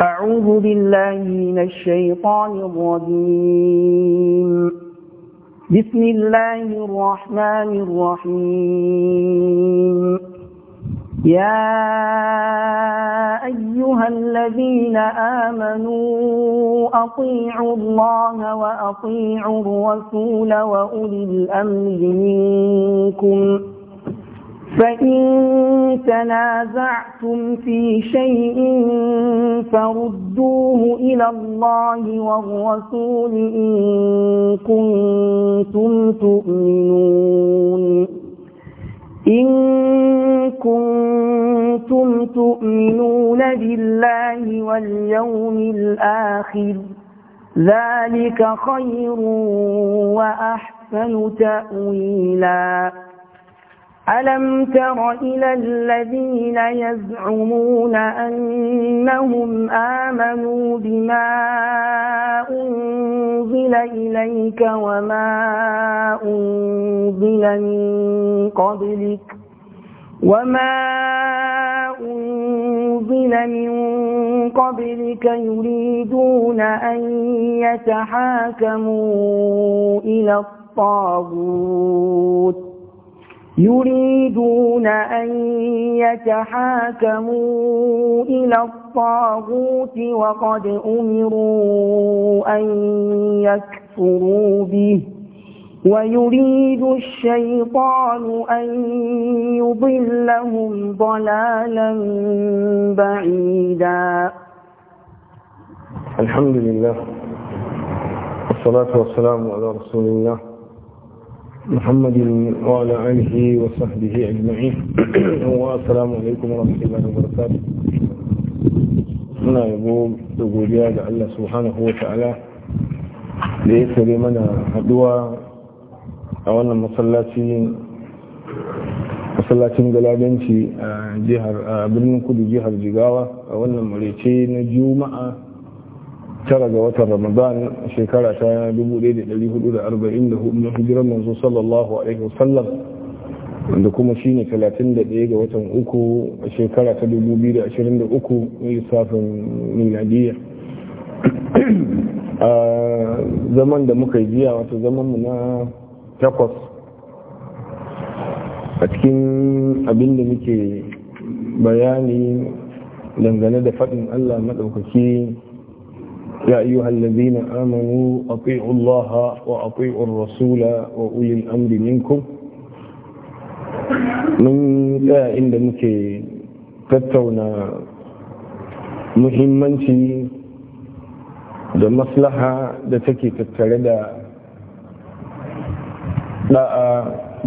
أعوذ بالله من الشيطان الرجيم بسم الله الرحمن الرحيم يا أيها الذين آمنوا أطيعوا الله وأطيعوا الرسول وأولي الأمر منكم فإن تنازعتم في شيء فردوه إلى الله والرسول إن كنتم تؤمنون إن كنتم تؤمنون بالله واليوم الآخر ذلك خير وأحسن تأويلاً ألم تر إلى الذين يزعمون أنهم آمنوا بما أنزل إليك وما أنزل من قبلك وما أنزل من قبلك يريدون أن يتحاكموا إلى الطاغوت يريدون أن يتحاكموا إلى الطاغوت وقد أمروا أن يكفروا به ويريد الشيطان أن يضلهم ضلالا بعيدا الحمد لله والصلاة والسلام على رسول الله محمد وعلى آله وصحبه أجمعين والسلام عليكم ورحمة الله وبركاته muna yabo da godiya ga Allah subhanahu wa ta'ala da ya tsare mana haduwa a wannan masallacin galadanci a birnin kudu jihar jigawa a wannan marece na juma'a tara ga watan ramadan shekara ta 1444 na hijirar manzo sallallahu alaihi wasallam wanda kuma shi ne 31 ga watan uku a shekara ta 2023 lissafin miladiyya a zaman da muka jiya wata zamanmu na takwas a cikin abin da muke bayani dangane da faɗin allah maɗaukaki يا أيها الذين آمنوا أطيعوا الله وأطيعوا الرسول وأولي الأمر منكم من لا عند مكي تتونا muhimmanci da maslaha da take tattare da ɗa'a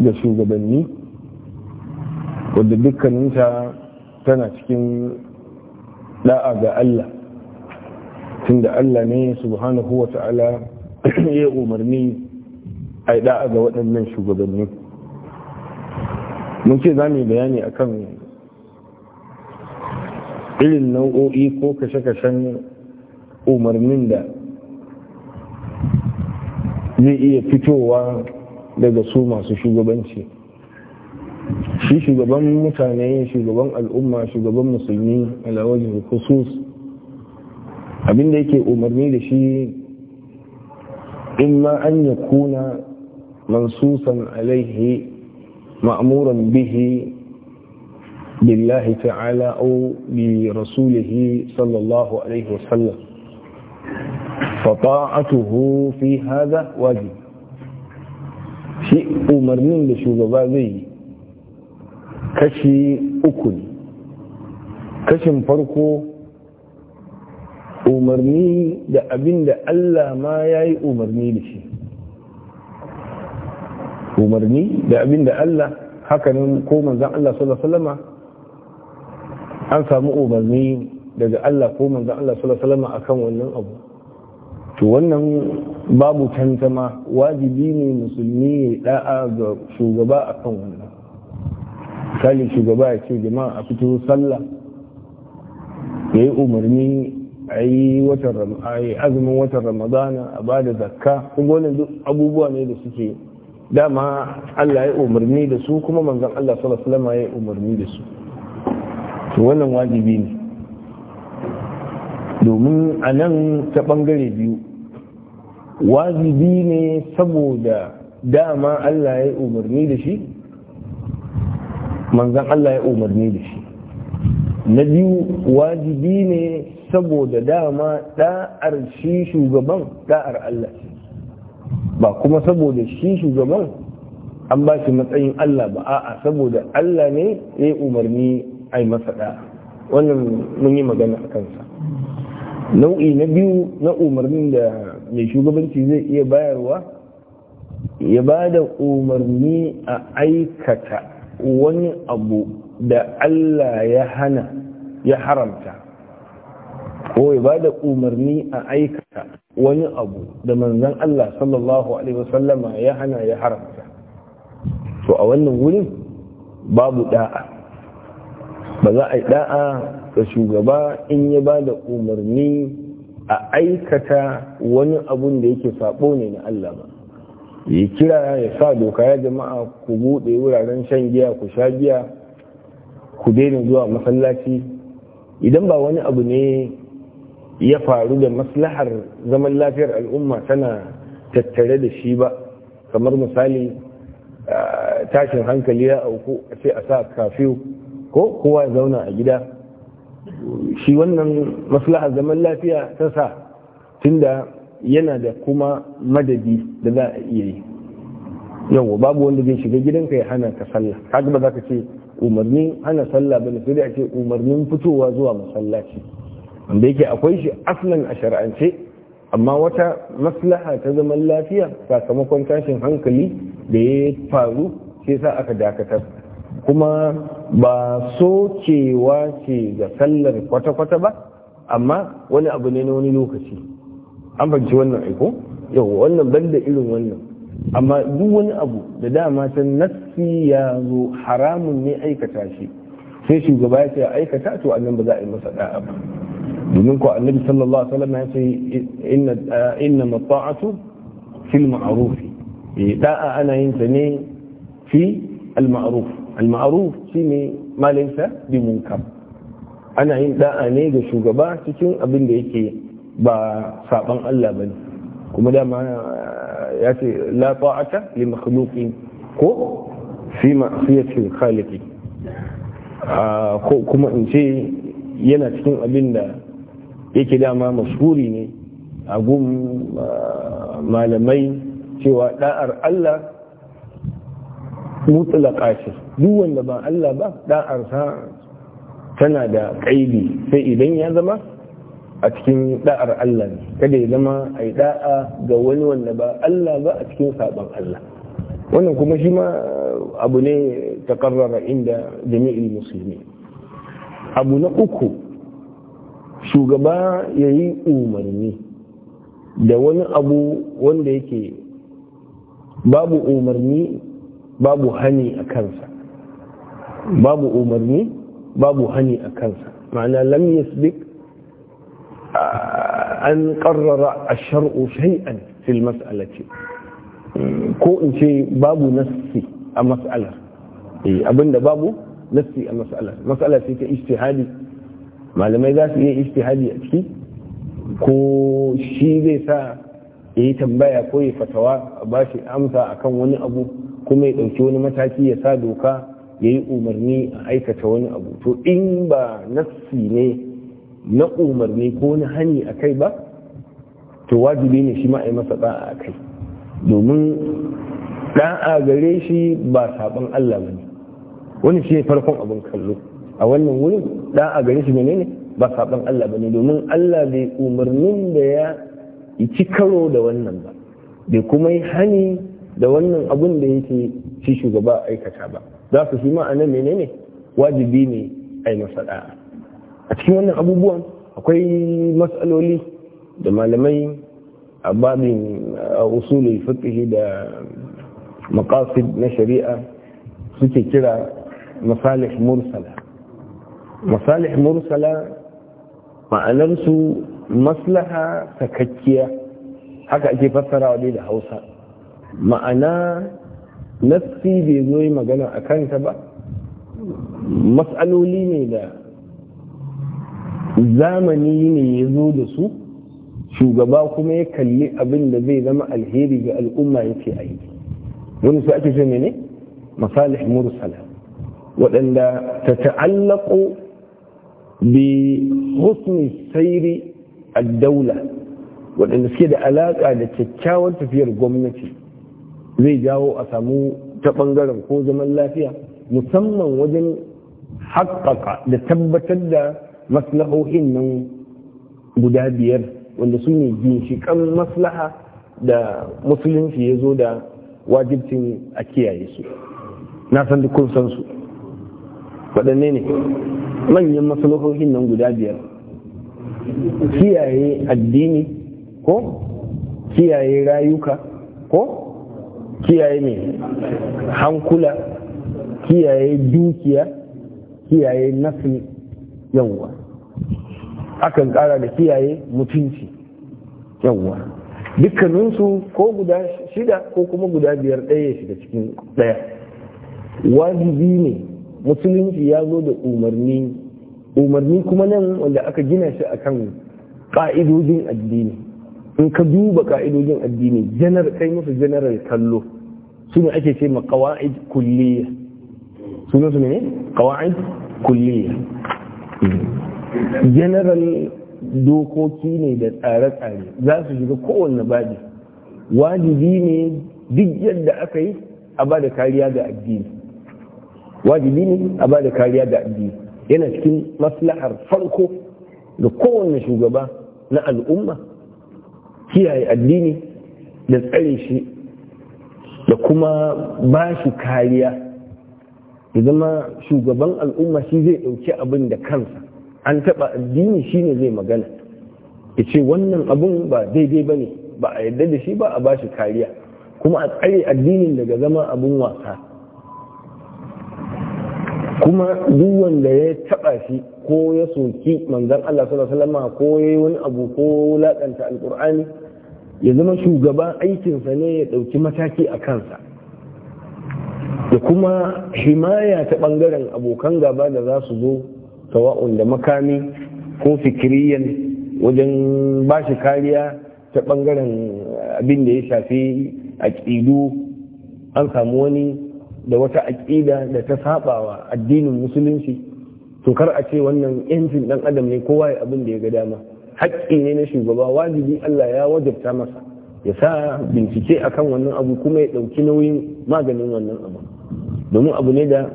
da shugabanni wadda dukkaninta tana cikin ɗa'a ga Allah tunda Allah ne subhanahu wa ta'ala ya umarni a da'a ga waɗannan shugabanni mun ce za mu yi bayani akan irin nau'o'i ko kashe-kashen umarnin da zai iya fitowa daga su masu shugabanci shi shugaban mutane shugaban al'umma shugaban musulmi alawajin khusus abinda yake umarni da shi in ma an ya kuna mansusan alaihi ma'amuran bihi billahi ta'ala au bi rasulihi sallallahu alaihi wasallam fata'atuhu fi hada wajib shi umarnin da shugaba zai yi kashi uku ne kashin farko umarni da abin da Allah ma ya yi umarni da shi umarni da abin da Allah hakanin ko manzan Allah sallama an samu umarni daga Allah ko manzan Allah sallama a kan wannan abu to wannan babu tantama wajibi ne musulmi ya da'a ga shugaba a kan wannan misali shugaba ya ce jama'a a fito sallah ya yi umarni a yi azumin watan ramadana a ba da zakka kuma wannan duk abubuwa ne da suke dama allah ya umarni da su kuma manzan allah salama ya umarni da su to wannan wajibi ne domin a nan ta bangare biyu wajibi ne saboda dama allah ya umarni da shi manzan allah ya umarni da shi na biyu wajibi ne saboda dama da'ar shi shugaban da'ar Allah ba kuma saboda shi shugaban an ba shi matsayin Allah ba a saboda Allah ne ya yi umarni a yi masa da wannan mun yi magana a kansa nau'i na biyu na umarnin da mai shugabanci zai iya bayarwa ya ba da umarni a aikata wani abu da Allah ya hana ya haramta ko ya ba da umarni a aikata wani abu da manzan Allah sallallahu Alaihi wasallama ya hana ya haramta to a wannan wurin babu da'a ba za a yi da'a ga shugaba in ya ba da umarni a aikata wani abun da yake sabo ne na Allah ba yi kira ya sa doka ya jama'a ku buɗe wuraren shan giya ku sha giya ku daina zuwa masallaci idan ba wani abu ne ya faru da maslahar zaman lafiyar al'umma tana tattare da shi ba kamar misali tashin hankali ya auku sai a sa kafiyu ko kowa zauna a gida shi wannan maslahar zaman lafiya ta sa tunda yana da kuma madadi da za a iya yi yau babu wanda zai shiga gidanka ya hana ka sallah haka ba za ka ce umarnin hana sallah ba sai dai a ce umarnin fitowa zuwa masallaci wanda yake akwai shi aslan a shari'ance amma wata maslaha ta zaman lafiya sakamakon tashin hankali da ya faru sai sa aka dakatar kuma ba cewa ce ga sallar kwata-kwata ba amma wani abu ne na wani lokaci an fahimci wannan aiko yau wannan banda irin wannan amma duk wani abu da dama ta nassi ya zo haramun ne aikata shi sai shugaba ya ce aikata to annan ba za a yi masa da'a ba domin ko annabi sallallahu alaihi wasallam ya ce inna inna mata'atu fil ma'ruf eh, da'a ana yin ta ne fi al ma'ruf al ma'ruf shine ma laysa bi munkar ana yin da'a ne ga shugaba cikin abin da yake ba saban Allah bane kuma dama ya ce la ta'ata li makhluqin ko fi ma'siyatil khaliqi ah, ko kuma in ce yana cikin abin da yake dama mashhuri ne a gun malamai cewa da'ar Allah mutlaka ce duk wanda ba Allah ba da'ar sa tana da kaidi sai idan ya zama a cikin da'ar Allah ne kada ya zama a yi da'a ga wani wanda ba Allah ba a cikin sabon Allah wannan kuma shi ma abu ne ta inda jami'in musulmi abu na uku shugaba ya yi umarni da wani abu wanda yake babu umarni babu hani a kansa babu umarni babu hani a kansa ma'ana lam yasbik an karrara a shar'u shay'an fil mas'alati ko in ce babu nassi a mas'alar eh, abinda babu nassi a mas'alar mas'ala ce ta ijtihadi malamai za su iya istihadi a ciki ko shi zai sa ya yi tambaya ko ya fatawa ba shi amsa akan wani abu kuma ya ɗauki wani mataki ya sa doka ya yi umarni a aikata wani abu to in ba nassi ne na umarni ko na hani a kai ba to wajibi ne shi ma'ai masa ɗa'a a kai domin ɗa'a gare shi ba saɓon Allah ba ne wani shi ne farkon abin kallo a wannan wurin da a gare shi menene ba saban Allah bane domin Allah bai umarnin da ya ci karo da wannan ba bai kuma yi hani da wannan abun da yake shi shugaba aikata ba za su shi ma'anar menene wajibi ne a yi masa a cikin wannan abubuwan akwai matsaloli da malamai a babin usulul fiqh da maqasid na shari'a suke kira masalih mursala masalih mursala ma'anarsu maslaha sakakkiya haka ake fassarawa dai da hausa ma'ana nassi bai zo magana a kanta ba matsaloli ne da zamani ne ya zo da su shugaba kuma ya kalli abin da zai zama alheri ga al'umma ya ce a yi su ake ce ne masalih mursala waɗanda ta ta'allaƙo bihusni sairi Addaula daula waɗanda da alaƙa da kyakkyawar tafiyar gwamnati zai jawo a samu ta ɓangaren ko zaman lafiya musamman wajen haƙaƙa da tabbatar da maslahohin nan guda biyar wanda sune ne maslaha da musulunci ya zo da wajibcin a kiyaye su na san duk su waɗanne ne manyan masalahohin nan guda biyar kiyaye addini ko kiyaye rayuka ko kiyaye ne hankula kiyaye dukiya kiyaye nafi yawwa akan kara da kiyaye mutunci yawwa dukkaninsu ko guda shida ko kuma guda biyar ɗaya shiga cikin ɗaya wajibi ne musulunci ya zo da umarni umarni kuma nan wanda aka gina shi a kan ka'idojin addini in ka duba ka'idojin addini janar kai musu general kallo su ne ake ce ma kulliya su ne su ne qawaid kulliya general dokoki ne da tsare-tsare za su shiga kowanne babi wajibi ne duk yadda aka yi a ba da kariya ga addini wajibi ne a ba da kariya ga addini yana cikin maslahar farko da kowane shugaba na al'umma kiyaye addini da tsare shi da kuma ba shi kariya da zama shugaban al'umma shi zai ɗauki abin da kansa an taɓa addini shi ne zai magana ya ce wannan abin ba daidai ba ne ba a yadda da shi ba a ba shi kariya kuma a tsare addinin daga zama abin wasa kuma duk wanda ya taba shi ko ya soki manzon Allah sallallahu alaihi wasallam ko yayi wani abu ko lakanta alqur'ani ya zama shugaban aikinsa ne ya dauki mataki a kansa da kuma himaya ta bangaren abokan gaba da za su zo tawa'un da makami ko fikiriyan wajen ba shi kariya ta bangaren abin da ya shafi aƙidu an samu wani da wata aƙida da ta wa addinin musulunci to kar a ce wannan yancin ɗan adam ne kowa ya abin da ya ga dama haƙƙi ne na shugaba wajibi Allah ya wajabta masa ya sa bincike akan wannan abu kuma ya ɗauki nauyin maganin wannan abu domin abu ne da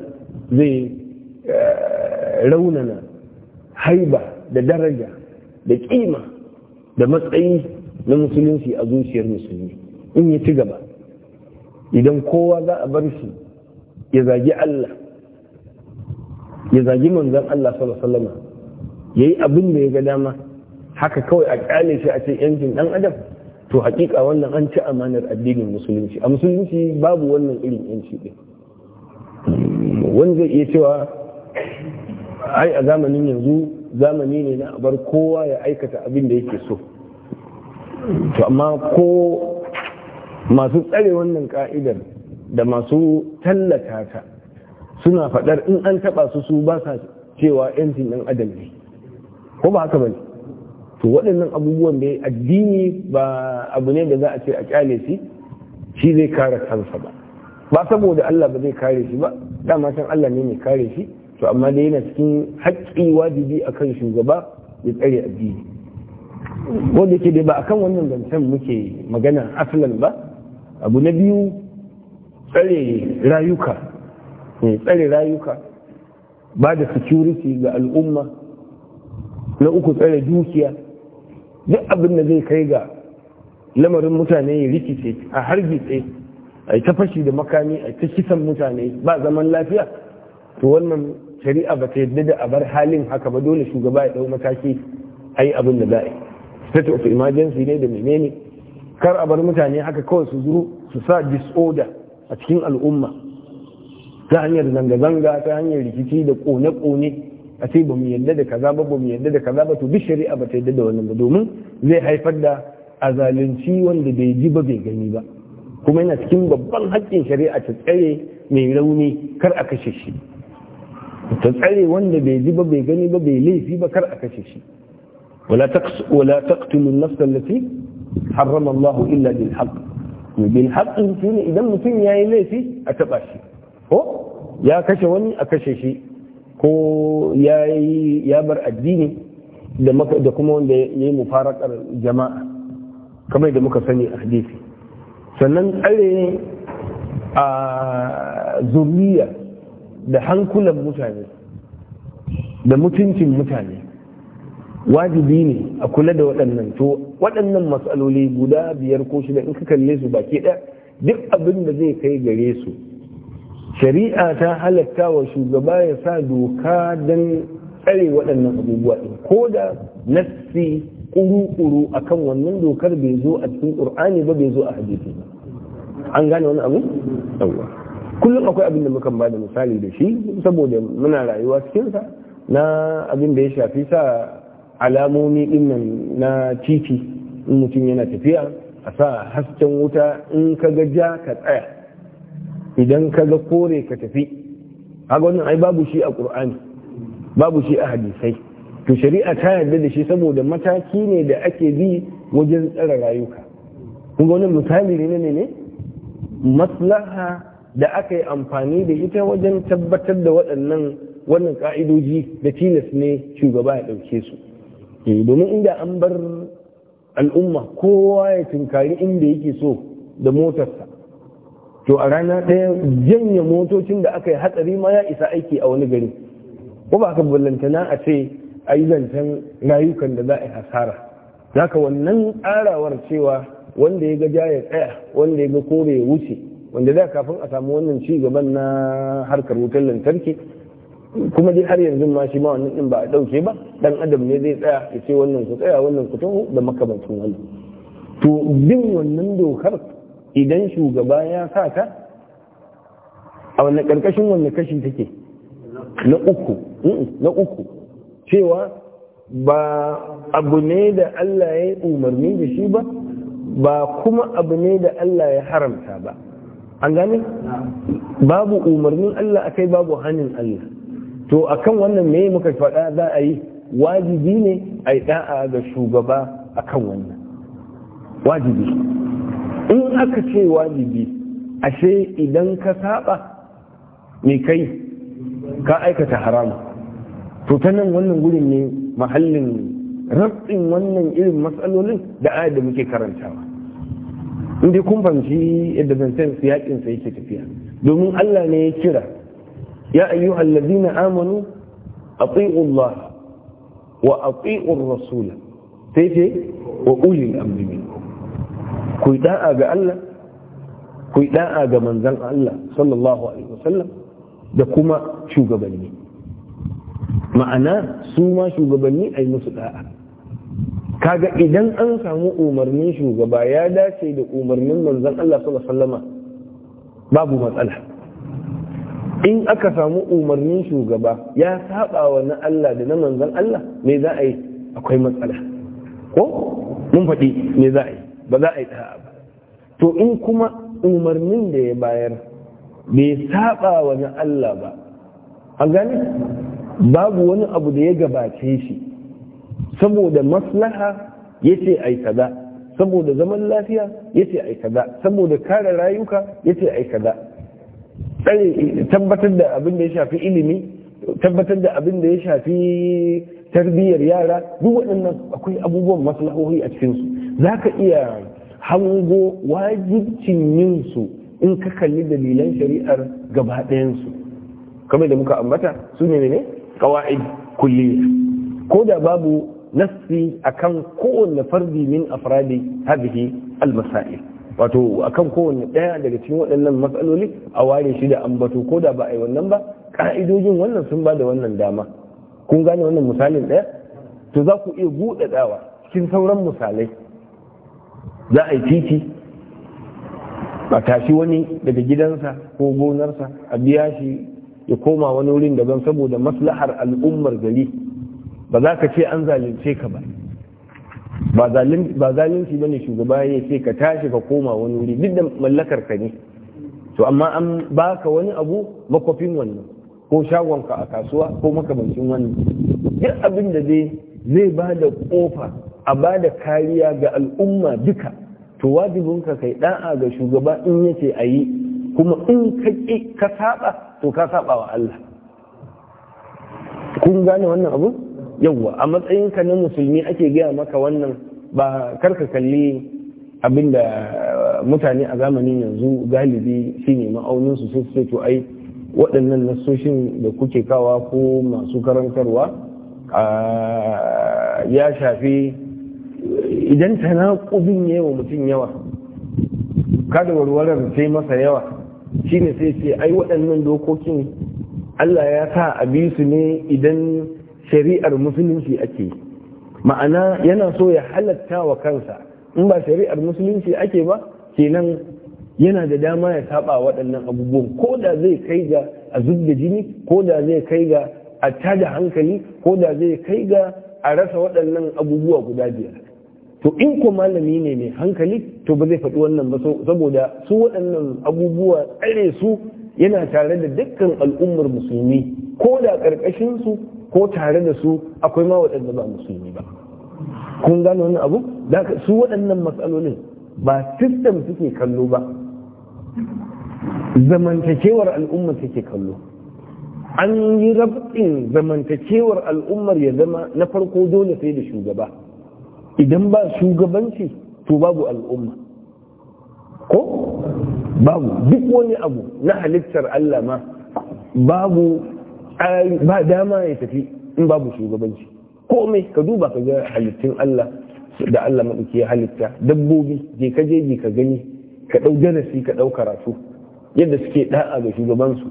zai eh, raunana haiba da daraja da kima da matsayi na musulunci a zuciyar musulmi in ya ci gaba idan kowa za a bar shi ya zagi Allah ya zagi manzan Allah sallallahu alaihi wasallam yayi abin da ya ga dama haka kawai a kyale shi a ce yankin dan adam to hakika wannan an ci amanar addinin musulunci a musulunci babu wannan irin yanci din wanda zai iya cewa ai a zamanin yanzu zamani ne na bar kowa ya aikata abin da yake so to amma ko masu tsare wannan ka'idar da masu tallata ta suna faɗar in an taɓa su su ba sa cewa yancin ɗan adam ne ko ba haka ba ne to waɗannan abubuwan da addini ba abu ne da za a ce a kyale shi shi zai kare kansa ba ba saboda Allah ba zai kare shi ba dama san Allah ne mai kare shi to amma da yana cikin haƙƙi wajibi akan shugaba ya tsare addini wanda yake dai ba akan wannan zancen muke magana asalan ba abu na biyu tsare rayuka mai eh, tsare rayuka ba da security ga al'umma na uku tsare dukiya duk abin da zai kai ga lamarin mutane ya rikice a tsaye a ta fashi da makami a ta kisan mutane ba zaman lafiya to wannan shari'a ba ta yadda da a bar halin haka ba dole shugaba ya dau mataki a yi abin da za'a state of emergency ne da menene kar a bar mutane haka kawai su zuru su sa disorder a cikin al'umma ta hanyar zanga-zanga ta hanyar rikici da kone-kone a ce ba mu yadda da kaza ba ba mu yadda da kaza ba to duk shari'a ba ta yadda da wannan ba domin zai haifar da azalunci wanda bai ji ba bai gani ba kuma yana cikin babban haƙƙin shari'a ta tsare mai rauni kar a kashe shi ta tsare wanda bai ji ba bai gani ba bai laifi ba kar a kashe shi wala taqtulu an-nafsa harrama Allahu illa bil haqq bil haqqi shine idan mutum yayi laifi a taɓa shi ko ya kashe wani a kashe shi ko ya bar addini da kuma wanda ya yayi mufarakar jama'a kamar da muka sani a hadisi sannan tsare a zuriya da hankulan mutane da mutuncin mutane wajibi ne a kula da waɗannan to waɗannan matsaloli guda biyar ko shida in ka kalle su baki ɗaya duk abin da zai kai gare su shari'a ta halatta wa shugaba ya sa doka don tsare waɗannan abubuwa ɗin ko da nassi ƙuru-ƙuru a kan wannan dokar bai zo a cikin ƙur'ani ba bai zo a hadisi an gane wani abu? yawwa kullum akwai abin da mukan ba da misali da shi saboda muna rayuwa cikinsa na abin da ya shafi sa alamomi dinnan na titi in mutum yana tafiya a sa hasken wuta in ka ga ja ka tsaya idan ka ga kore ka tafi haka wannan ai babu shi a ƙur'ani babu shi a hadisai to shari'a ta yarda da shi saboda mataki ne da ake bi wajen tsara rayuka kuma wani misali ne ne ne maslaha da aka yi amfani da ita wajen tabbatar da waɗannan wannan ka'idoji da tilas ne shugaba ya ɗauke su Eh, domin inda an bar al'umma kowa ya tunkari inda yake so da motarsa to a rana ɗaya janye motocin da aka yi hatsari ma ya isa aiki a wani gari ko ba ka ballantana a ce a yi zancen rayukan da za a yi hasara zaka wannan tsarawar cewa wanda ya ga ja ya tsaya wanda ya ga kore ya wuce wanda da kafin a samu wannan ci gaban na harkar wutar lantarki kuma dai har yanzu ma shi ma wannan din ba a dauke ba dan adam ne zai tsaya ya ce wannan ku tsaya wannan ku taho da makamancin wannan to bin wannan dokar idan shugaba ya sa a wannan karkashin wannan kashi take na uku mm, na uku cewa ba abu ne da Allah ya umarni da shi ba ba kuma abu ne da Allah ya haramta ba an gane babu umarnin Allah akai babu hannun Allah to a kan wannan me muka faɗa za a yi wajibi ne a yi da'a ga shugaba a kan wannan wajibi in aka ce wajibi ashe idan ka saba me kai ka aikata haramu to ta nan wannan gurin ne mahallin rabin wannan irin matsalolin da aya da muke karantawa in dai kun fahimci yadda zan san yake tafiya domin Allah ne ya kira ya ayyuhal ladina amanu ati'u Allah wa ati'u ar-rasul sai ce wa ulil amri minkum ga Allah ku da'a ga manzon Allah sallallahu alaihi wasallam da kuma shugabanni ma'ana suma ma shugabanni ai musu da'a kaga idan an samu umarnin shugaba ya dace da umarnin manzon Allah sallallahu alaihi wasallama babu matsala in aka samu umarnin shugaba ya saba wa na Allah da na manzan Allah me za a yi akwai matsala ko mun faɗi me za a yi ba za a yi ta'a ba to in kuma umarnin da ya bayar bai saba wa na Allah ba an gane babu wani abu da ya gabace shi saboda maslaha ya ce ai kaza saboda zaman lafiya ya ce ai kaza saboda kare rayuka ya ce ai kaza tabbatar da abin da ya shafi ilimi tabbatar da abin da ya shafi tarbiyyar yara duk waɗannan akwai abubuwan maslahohi a cikinsu za ka iya hango wajibcin yin su in ka kalli dalilan shari'ar gaba ɗayansu kamar da muka ambata su ne ne kawa'id kulliya ko da babu nassi akan kowanne fardi min afradi hadhihi al-masail wato akan kowane ɗaya daga cikin waɗannan matsaloli a ware shi da ambato ko da ba a yi wannan ba ka'idojin wannan sun ba da wannan dama kun gane wannan misalin ɗaya to za ku iya buɗe ɗawa cikin sauran misalai za a yi titi a tashi wani daga gidansa ko gonarsa a biya shi ya koma wani wurin daban saboda maslahar al'ummar gari ba za ka ce an zalunce ka ba ba zalunci ba ne shugaba ya ce ka tashi ka koma wani wuri duk da mallakar ka ne to amma an baka wani abu makwafin wannan ko shagon ka a kasuwa ko makamancin wannan duk abin da dai zai ba da kofa a ba da kariya ga al'umma duka to wajibin ka kai da'a ga shugaba in yace a yi kuma in ka ka saba to ka saba wa Allah kun gane wannan abu yawwa a matsayinka na musulmi ake gaya maka wannan ba karka kalli abinda eh, mutane a zamanin yanzu galibi shi ne ma'auninsu su sai to ai waɗannan nasoshin da kuke kawa ko masu karantarwa ah, ya shafi eh, idan ta na ƙubin yawa mutum yawa kada warwarar sai masa yawa shine sai ce ai waɗannan dokokin Allah ya sa a su ne idan shari'ar musulunci ake ma'ana yana so ya halatta wa kansa in ba shari'ar musulunci ake ba kenan yana da dama ya saba waɗannan abubuwan ko da zai kai ga a zub da jini ko da zai kai ga a tada hankali ko da zai kai ga a rasa waɗannan abubuwa guda biyar to in ko malami ne mai hankali to ba zai faɗi wannan ba saboda su waɗannan abubuwa tsare su yana tare da dukkan al'ummar musulmi ko da ƙarƙashin su ko tare da su akwai ma waɗanda ba musulmi ba kun gano wani abu da su waɗannan matsalolin ba sistem suke kallo ba zamantakewar al'umma suke kallo an yi rabin zamantakewar al'ummar ya zama na farko dole sai da shugaba idan ba shugabanci to babu al'umma ko babu duk wani abu na halittar Allah ma babu ba dama ya tafi in babu shugabanci komai ka duba ka ga halittun Allah da Allah maɗauki ya halitta dabbobi je ka je ka gani ka ɗau darasi ka ɗau karatu yadda suke ɗa'a ga shugabansu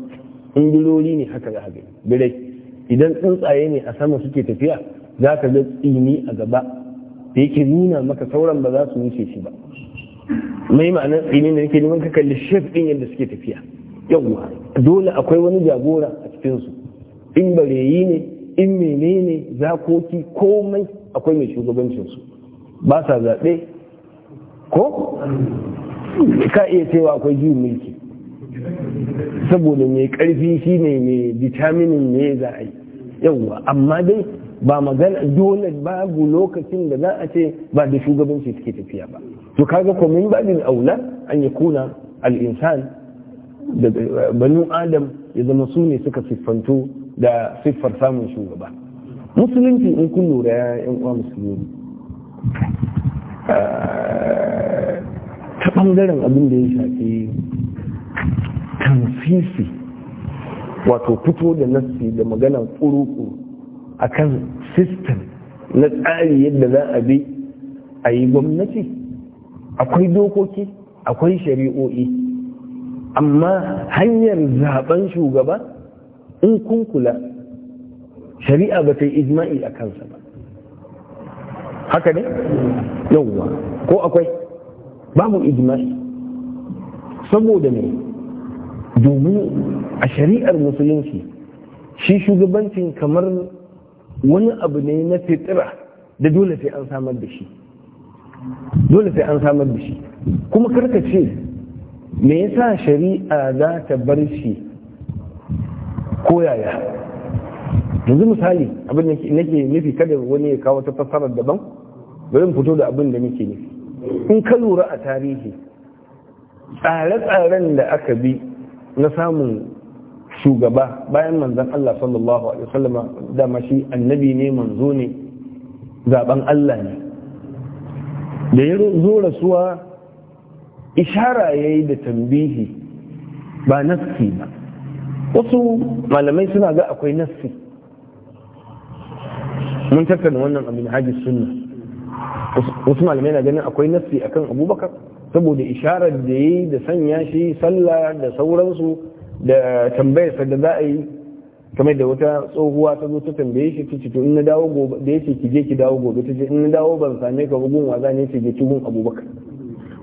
in ne haka za a gani birai idan tsuntsaye ne a sama suke tafiya za ka ga tsini a gaba da yake nuna maka sauran ba za su wuce shi ba mai ma'anar tsini da yake neman ka kalli shef ɗin yadda suke tafiya yawwa dole akwai wani jagora a cikinsu in bareyi ne in menene zakoki komai akwai mai shugabancinsu ba sa zaɓe ko ka iya cewa akwai juyin mulki saboda mai ƙarfi shi ne mai bitaminin ne za a yi yauwa amma dai ba magana dole babu lokacin da za a ce ba da shugabanci suke tafiya ba to kaga ko ba din aula an ya kuna al'insan da banu adam ya zama su ne suka siffantu da siffar samun shugaba musulunci in kun lura ya yan uwa musulmi ta ɓangaren abin da ya shafi tansisi wato fito da nassi da magana ƙuruƙu a kan sistem na tsari yadda za a bi a yi gwamnati akwai dokoki akwai shari'o'i amma hanyar zaben shugaba in kun kula shari'a ba ta yi ijma'i a kansa ba haka ne yauwa ko akwai babu ijma'i saboda ne domin a shari'ar musulunci shi shugabancin kamar wani abu ne na fitira da dole sai an samar da shi dole sai an samar da shi kuma karka ce me yasa shari'a za ta bar shi ko yaya yanzu misali abin da nake nufi kada wani ya kawo ta fassarar daban bari fito da abin da nake nufi in ka lura a tarihi tsare-tsaren da aka bi na samun shugaba bayan manzan Allah sallallahu alaihi wasallama da shi annabi ne manzo ne zaben Allah ne da ya zo rasuwa ishara yayi da tambihi ba nafsi ba wasu malamai suna ga akwai nassi mun tattauna wannan abin hajji sunna wasu malamai na ganin akwai nassi akan abubakar saboda isharar da yi da sanya shi sallah da sauransu da tambayarsa da za a yi kamar da wata tsohuwa ta zo ta tambaye shi ta to na dawo gobe da yake ki ki dawo gobe ta ce in na dawo ban same ka gugun wa waza ne ce je abubakar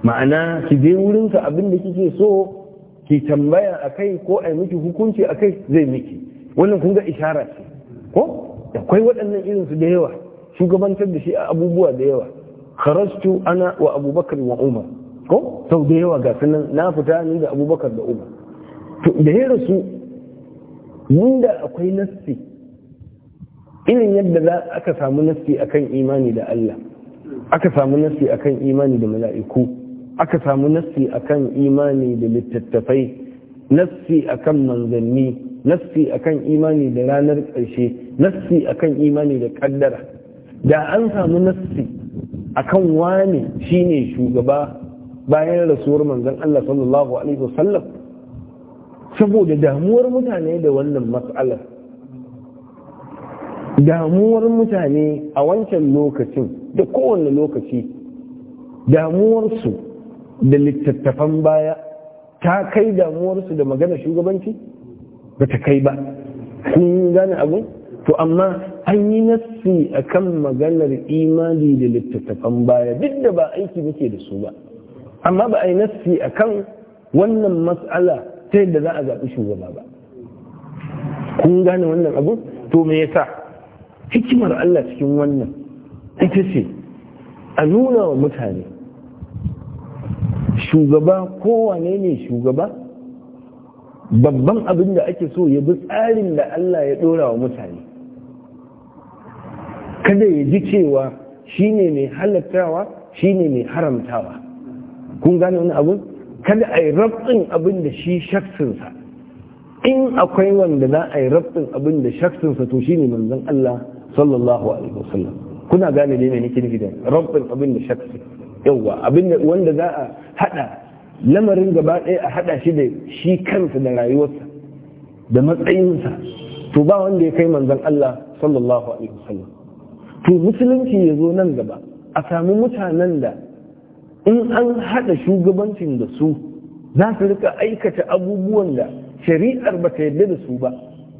ma'ana ki je wurin sa abin da kike so ki tambaya akai ko a yi miki hukunci akai zai miki wannan kun ga ishara ce ko akwai waɗannan irin su da yawa shugabantar da shi a abubuwa da yawa kharastu ana wa abubakar wa umar ko sau da yawa ga sanan na fita ni da abubakar da umar to da ya rasu da akwai nassi irin yadda za aka samu nassi akan imani da Allah aka samu nassi akan imani da mala'iku aka samu nassi akan imani da littattafai nassi akan manzanni nassi akan imani da ranar ƙarshe nassi akan imani da ƙaddara da an samu nassi akan wane shine shugaba bayan rasuwar manzon Allah sallallahu alaihi wasallam saboda damuwar mutane da wannan mas'alar damuwar mutane a wancan lokacin da kowane lokaci damuwarsu da littattafan baya ta kai damuwarsu da magana shugabanci ba ta kai ba kun gane abu to amma an yi nassi akan maganar imani da littattafan baya duk da ba aiki muke da su ba amma ba a yi nassi akan wannan matsala ta yadda za a zaɓi shugaba ba kun gane wannan abu to me yasa hikimar Allah cikin wannan ita ce a nuna wa mutane shugaba kowane ne shugaba babban abin da ake so ya bi tsarin da Allah ya ɗora wa mutane kada ya ji cewa shi ne mai halattawa shi ne mai haramtawa kun gane wani abin kada a yi rabin abin da shi shaksinsa in akwai wanda za a yi rabin abin da shaksinsa to shi ne manzon Allah sallallahu alaihi wasallam kuna gane ne mai nake nufi da rabin abin da shaksinsa yauwa abinda wanda za a hada lamarin gaba ɗaya a hada shi da shi kansa da rayuwarsa da matsayinsa to ba wanda ya kai manzon Allah sallallahu alaihi wasallam to musulunci ya zo nan gaba a sami mutanen da in an hada shugabancin da su za su rika aikata abubuwan da shari'ar ba ta yarda da su ba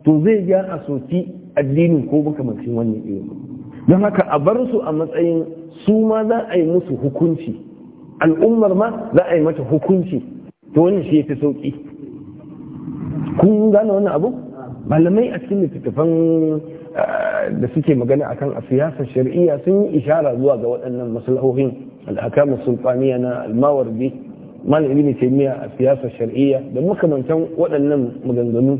to zai ja a soki addinin ko makamancin wannan irin don haka a bar su a matsayin su ma za a yi musu hukunci al'ummar ma za a yi mata hukunci to wannan shi ya yafi sauƙi. kun gane wannan abu malamai a cikin littattafan eh, da suke magana akan a siyasar shari'iyya sun yi ishara zuwa ga waɗannan maslahohin al'aka, sulfaniya na almawar almawardi malamin ibn taymiya a siyasar shari'iyya da makamantan waɗannan maganganu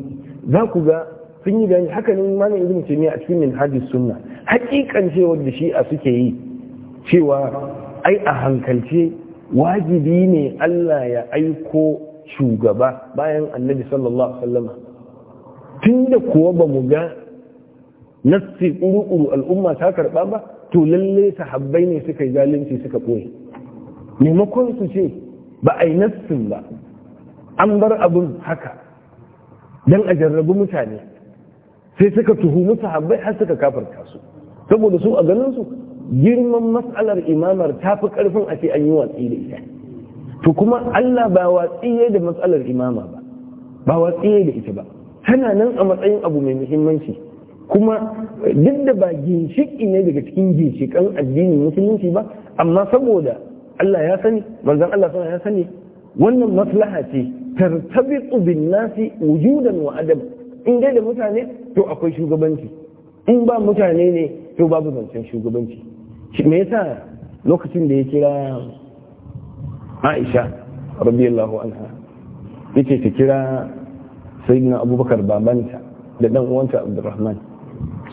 za ku ga sun yi gani hakanan malam ibn taymiya a cikin minhajis sunna hakikan cewa da a suke yi cewa ai a hankalce wajibi ne Allah ya aiko shugaba bayan annabi sallallahu alaihi wasallam tunda kuwa ba mu ga nassi ƙuru'uru al'umma ta karɓa ba to lalle sahabbai ne suka yi zalunci suka ɓoye maimakon su ce ba a yi nassin ba an bar abin haka Dan a jarrabi mutane sai suka tuhumi sahabbai har suka kafarta su saboda su a ganin su girman matsalar imamar ta fi karfin a ce an yi watsi da ita to kuma Allah ba watsi da matsalar imama ba ba watsi da ita ba tana nan a matsayin abu mai muhimmanci kuma duk da ba ginshiƙi ne daga cikin ginshikan addinin musulunci ba amma saboda Allah ya sani manzon Allah sana ya sani wannan maslaha ce tartabitu bin nasi wujudan wa adam in dai da mutane to akwai shugabanci in ba mutane ne to babu zancen shugabanci me yasa lokacin da ya kira aisha radiyallahu anha ce ta kira sayyidina abubakar babanta da dan uwanta abdurrahman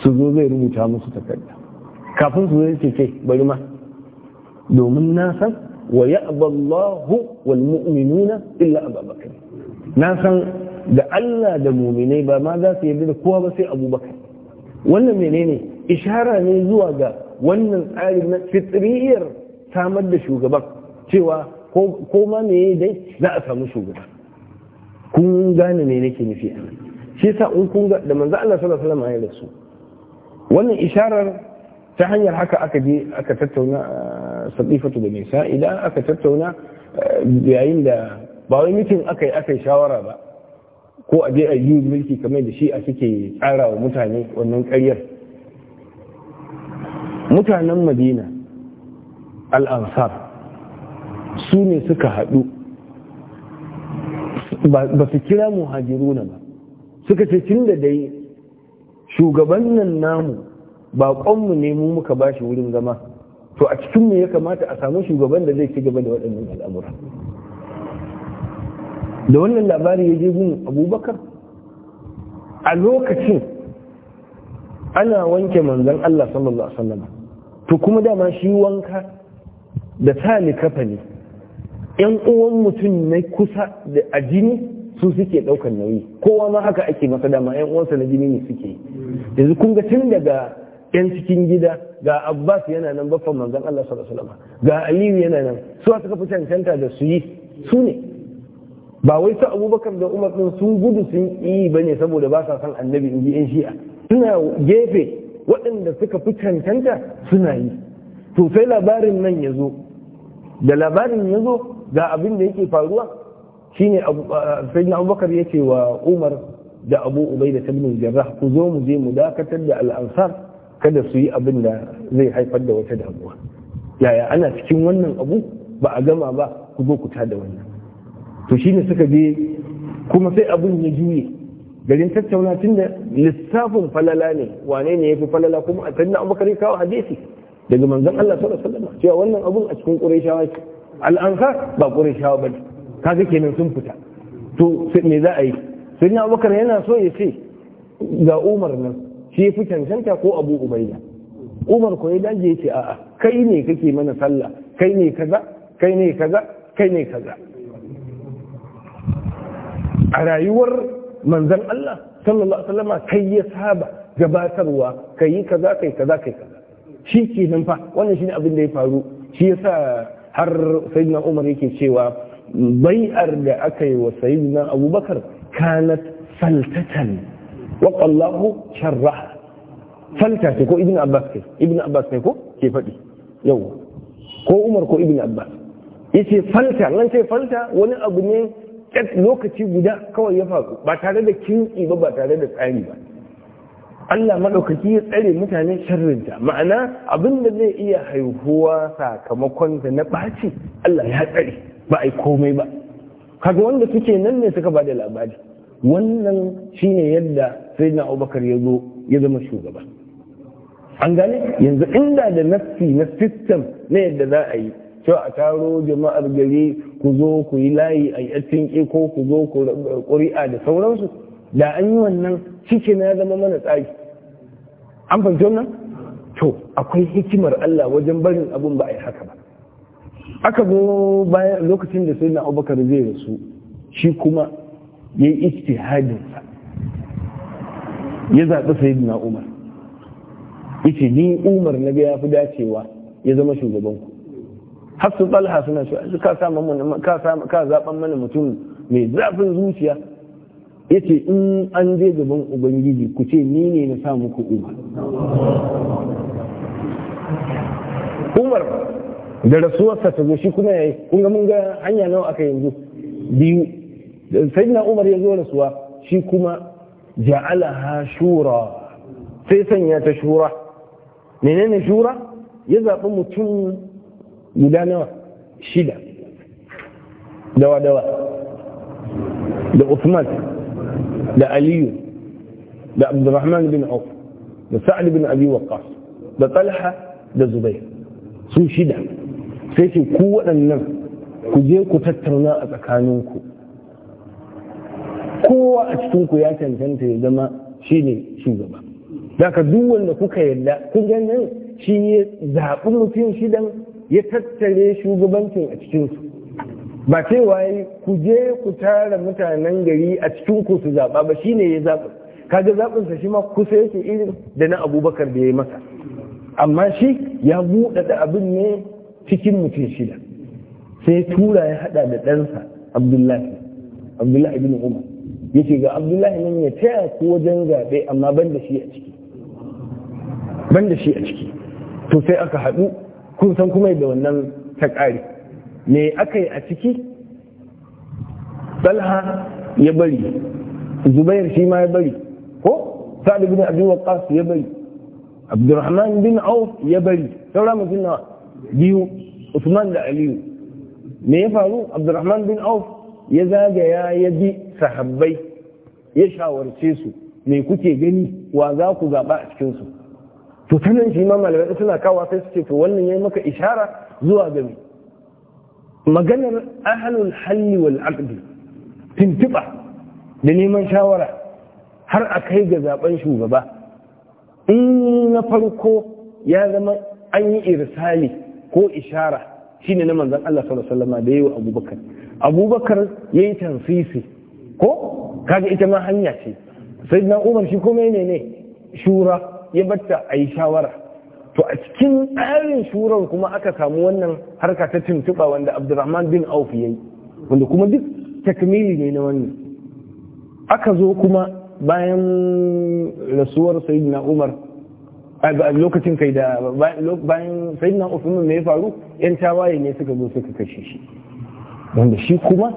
su zo zai rubuta musu takarda kafin su zai ce bari ma domin na san wa ya'ba wal mu'minuna illa abubakar na san da Allah da muminai ba ma za su yarda da kowa ba sai abubakar wannan menene ishara ne zuwa ga wannan tsari na fitriyar samar da shugaban cewa ko ma me dai za a samu shugaba kun gane ne nake nufi a nan shi sa in kun ga da manzo Allah sallallahu alaihi wasallam ya rasu wannan isharar ta hanyar haka aka je aka tattauna uh, sadifatu da nisa idan aka tattauna uh, yayin da ba wai mutum aka yi aka yi shawara ba ko a je a yi mulki kamar da shi a suke tsara wa mutane wannan ƙaryar mutanen madina al'ansar su ne suka haɗu ba su kira muhajiruna ba suka ce cin da dai shugaban nan namu baƙonmu ne mu muka ba shi wurin zama to a cikin mu ya kamata a samu shugaban da zai ci gaba da waɗannan al'amura da wannan labari ya je gun abubakar a lokacin ana wanke manzan Allah sallallahu Alaihi wasallam to kuma dama shi wanka da kafa ne yan uwan mutum na kusa da a jini su suke ɗaukar nauyi kowa ma haka ake masa dama yan uwansa na jini ne suke yanzu kun ga tun daga yan cikin gida ga abbas yana nan baffan manzan allah sallallahu alaihi ga aliyu yana nan su suka fi cancanta da su yi su ne ba wai su abubakar da umar din sun gudu sun yi ba ne saboda ba sa son annabi in ji yan shi'a suna gefe waɗanda suka fi cancanta suna yi to sai labarin nan ya zo da labarin ya zo ga abin da yake faruwa shine sayyidina abubakar ya ce wa umar da abu ubai da tabbin jarra. ku zo mu je mu dakatar da al'ansar kada su yi abin da zai haifar da wata damuwa yaya ana cikin wannan abu ba a gama ba ku zo ku da wannan to shine suka je kuma sai abin ya juye garin tattauna tun da lissafin falala ne wane ne ya fi falala kuma a tattalin abubakar ya kawo hadisi daga manzan Allah sallallahu alaihi wasallam cewa wannan abun a cikin qurayshawa ce Al'anka ba qurayshawa ba ne kaga kenan sun fita to me za a yi sai na abubakar yana so ya ce ga umar nan shi ya fi cancanta ko abu ubaida. umar ko ya daje ya ce a'a kai ne kake mana sallah kai ne kaza kai ne kaza kai ne kaza a rayuwar manzan Allah sallallahu alaihi wasallama kai ya saba gabatarwa kai kaza kai kaza kai kaza shi ke nan fa shi ne abin da ya faru shi ya sa har sayyidina Umar yake cewa bai'ar da aka yi wa sayyidina Abubakar kanat faltatan wa qallahu sharraha falta ce ko ibn Abbas kai ibn Abbas ne ko ke faɗi yau ko Umar ko ibn Abbas yace falta nan ce falta wani abu ne lokaci guda kawai ya faru ba tare da kinki ba ba tare da tsari ba Allah maɗaukaki ya tsare mutane sharrinta ma'ana abin da zai iya haihuwa sakamakon da na ɓaci Allah ya tsare ba a yi komai ba kaga wanda suke nan ne suka ba da labari wannan shine yadda sai na abubakar ya zo ya zama shugaba an gane yanzu inda da nafsi na system na yadda za a yi sau a taro jama'ar gari ku zo ku yi layi a yattin ko ku zo ku ƙuri'a da sauransu da an yi wannan ciki na zama mana tsari an fahimci wannan to akwai hikimar Allah wajen barin abun ba a yi haka ba aka zo bayan lokacin da sai na abubakar zai rasu shi kuma ya yi ijtihadinsa ya zaɓi sayyidina umar yace ni umar na ga ya fi dacewa ya zama shugaban ku har su talha suna cewa ka ka ka zaban mana mutum mai zafin zuciya yace in an je gaban ubangiji ku ce ni ne na sa muku umar umar da rasuwar ta zo shi kuma yayi kun ga mun ga hanya nawa aka yanzu biyu sayyidina umar ya zo rasuwa shi kuma ha shura sai sanya ta shura menene shura ya zaɓi mutum guda nawa shida dawa dawa da Usman da Aliyu da Abdurrahman bin Auf da Sa'ad bin Abi Waqqas da Talha da Zubair su shida sai ce ku waɗannan ku je ku tattauna a tsakaninku kowa a cikin ku ya cancanta ya zama shi shugaba daga duk wanda kuka yadda kun ganin shi ne zaɓi mutum shidan ya tattare shugabancin a cikinsu ba cewa yi ku je ku tara mutanen gari a cikin ku su zaɓa ba shine ya zaɓa kaga zaɓinsa shi ma kusa yake irin da na abubakar da ya yi masa amma shi ya buɗaɗa abin ne cikin mutum shida sai tura ya haɗa da ɗansa abdullahi abdullahi ibn umar yake ga abdullahi nan ya taya ko wajen zaɓe amma ban da shi a ciki ban da shi a ciki to sai aka haɗu kun san kuma da wannan ta ƙare me aka yi a ciki talha ya bari zubair shi ma ya bari ko sa'ad bin abi waqqas ya bari abdurrahman bin auf ya bari saura mutum biyu usman da aliyu me ya faru abdurrahman bin auf ya zagaya ya bi sahabbai ya shawarce su me kuke gani wa za ku zaɓa a cikinsu to sanin shi ma malamai suna kawo sai su ce to wannan yi maka ishara zuwa ga maganar ahlul halli wal aqdi tintiba da neman shawara har a kai ga zaben shugaba in na farko ya zama an yi irsali ko ishara shine na manzon Allah sallallahu alaihi wasallam da yayi Abubakar Abubakar yayi tansisi ko kaga ita ma hanya ce Sai Umar shi kuma ne ne shura ya batta a yi shawara to a cikin tsarin shuran kuma aka samu wannan harka ta tuntuɓa wanda abdurrahman bin auf ya yi wanda kuma duk takmili ne na wannan aka zo kuma bayan rasuwar sayyidina umar lokacin kai da bayan sayyidina usman me ya faru yan tawaye ne suka zo suka kashe shi wanda shi kuma